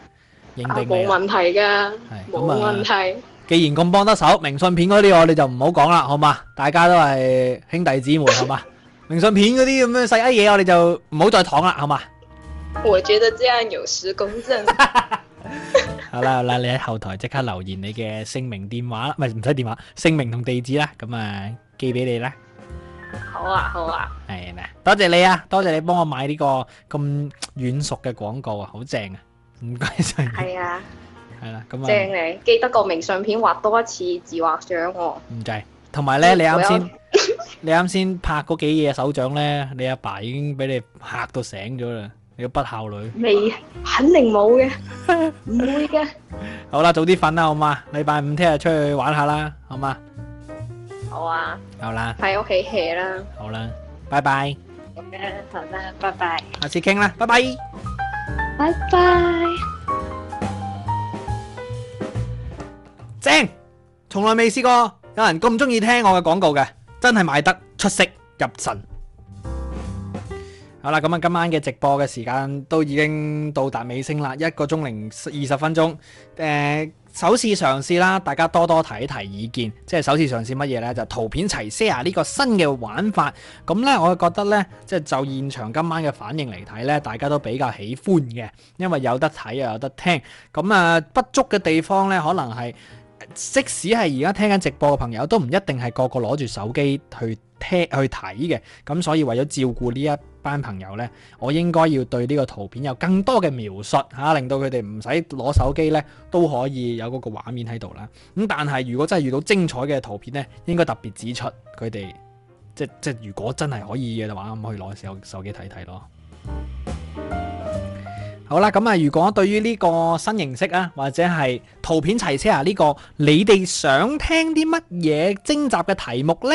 肯定嘅。冇、啊、問題噶，冇問題。啊、既然咁幫得手，明信片嗰啲我哋就唔好講啦，好嘛？大家都係兄弟姊妹，好嘛？ 明信片嗰啲咁樣細嘅嘢，我哋就唔好再躺啦，好嘛？我覺得這樣有失公正。好啦好啦，你喺後台即刻留言你嘅姓名、電話啦，唔係，唔使電話，姓名同地址啦，咁啊寄俾你啦。好啊好啊，係啦，多謝你啊，多謝你幫我買呢個咁軟熟嘅廣告啊，好正啊，唔該晒。係啊，係啦，咁啊，正你記得個明信片畫多一次自畫獎哦，唔制。同埋咧，你啱先，你啱先拍嗰幾嘢手掌咧，你阿爸已經俾你嚇到醒咗啦！你不孝女，未肯定冇嘅，唔會嘅。好啦，早啲瞓啦，好嘛？禮拜五聽日出去玩下啦，好嘛？好啊，好啦，喺屋企 hea 啦。好啦，拜拜。咁嘅好啦，拜拜。下次傾啦，拜拜。拜拜。正，從來未試過。有人咁中意聽我嘅廣告嘅，真係賣得出色入神。好啦，咁啊，今晚嘅直播嘅時間都已經到達尾聲啦，一個鐘零二十分鐘。誒、呃，首次嘗試啦，大家多多提提意見，即係首次嘗試乜嘢呢？就是、圖片齊些牙呢個新嘅玩法。咁呢，我覺得呢，即係就現場今晚嘅反應嚟睇呢，大家都比較喜歡嘅，因為有得睇又有得聽。咁啊，不足嘅地方呢，可能係。即使係而家聽緊直播嘅朋友，都唔一定係個個攞住手機去聽去睇嘅。咁所以為咗照顧呢一班朋友呢，我應該要對呢個圖片有更多嘅描述吓，啊，令到佢哋唔使攞手機呢都可以有嗰個畫面喺度啦。咁但係如果真係遇到精彩嘅圖片呢，應該特別指出佢哋即，即如果真係可以嘅話，咁去攞手手機睇睇咯。好啦，咁啊，如果對於呢個新形式啊，或者係圖片齊些牙呢個，你哋想聽啲乜嘢徵集嘅題目呢，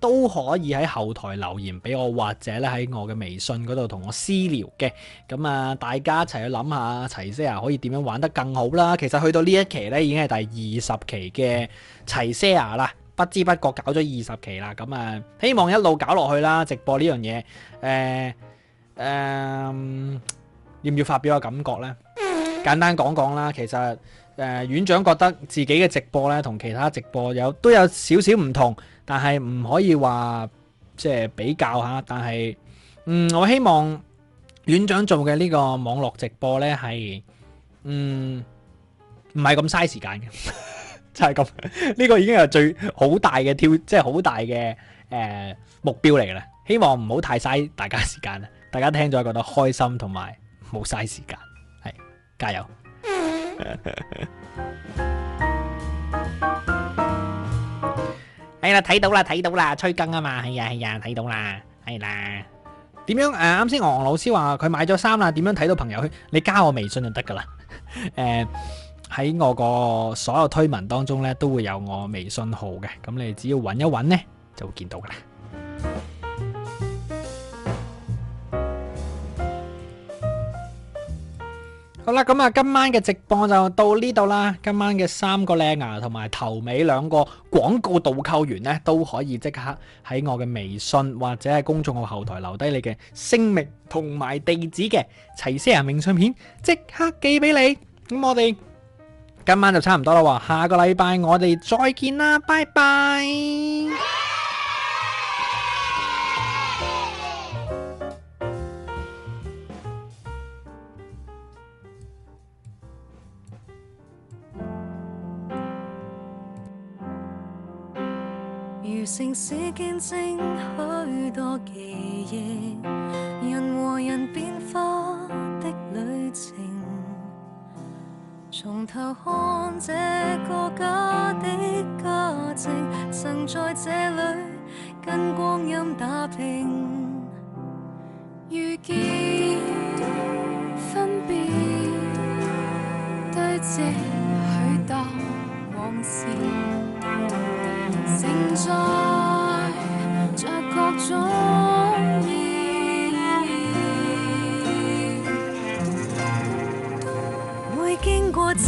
都可以喺後台留言俾我，或者咧喺我嘅微信嗰度同我私聊嘅。咁啊，大家一齊去諗下，齊些牙可以點樣玩得更好啦。其實去到呢一期呢，已經係第二十期嘅齊些牙啦，不知不覺搞咗二十期啦。咁啊，希望一路搞落去啦。直播呢樣嘢，誒、呃呃要唔要發表個感覺呢？簡單講講啦，其實誒，院、呃、長覺得自己嘅直播咧，同其他直播有都有少少唔同，但係唔可以話即係比較下。但係嗯，我希望院長做嘅呢個網絡直播呢，係嗯唔係咁嘥時間嘅， 就係咁。呢、這個已經係最好大嘅挑，即係好大嘅誒、呃、目標嚟嘅啦。希望唔好太嘥大家時間啦，大家聽咗覺得開心同埋。冇嘥時間，係加油！哎呀，睇到啦，睇到啦，催更啊嘛。係呀，係呀，睇到啦，係啦。點樣？誒，啱先黃老師話佢買咗衫啦，點樣睇到朋友圈？你加我微信就得噶啦。誒，喺我個所有推文當中咧，都會有我微信號嘅，咁你只要搵一搵咧，就會見到噶啦。好啦，咁啊，今晚嘅直播就到呢度啦。今晚嘅三個靚牙同埋頭尾兩個廣告導購員呢，都可以即刻喺我嘅微信或者係公眾號後台留低你嘅姓名同埋地址嘅，齊些牙明信片即刻寄俾你。咁我哋今晚就差唔多啦，下個禮拜我哋再見啦，拜拜。如城市見證許多記憶，人和人變化的旅程。從頭看這個家的價值，曾在這裏跟光陰打拼，遇見分別，堆積許多往事。承載着各種意義，每經過這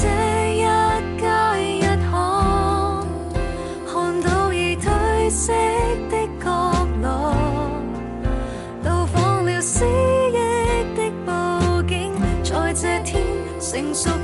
一街一巷，看到已褪色的角落，到訪了思憶的布景，在這天成熟。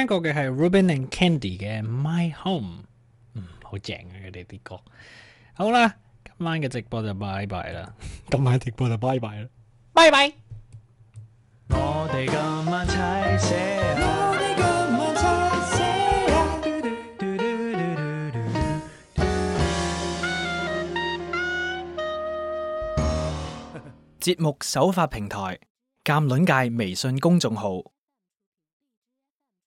聽過嘅係 Ruben and Candy 嘅 My Home，嗯，好正啊！佢哋啲歌。好啦，今晚嘅直播就拜拜啦，今晚嘅直播就拜拜啦，拜拜。我哋今晚齊些牙！我哋今晚齊些牙！節目首發平台：鑒論界微信公眾號。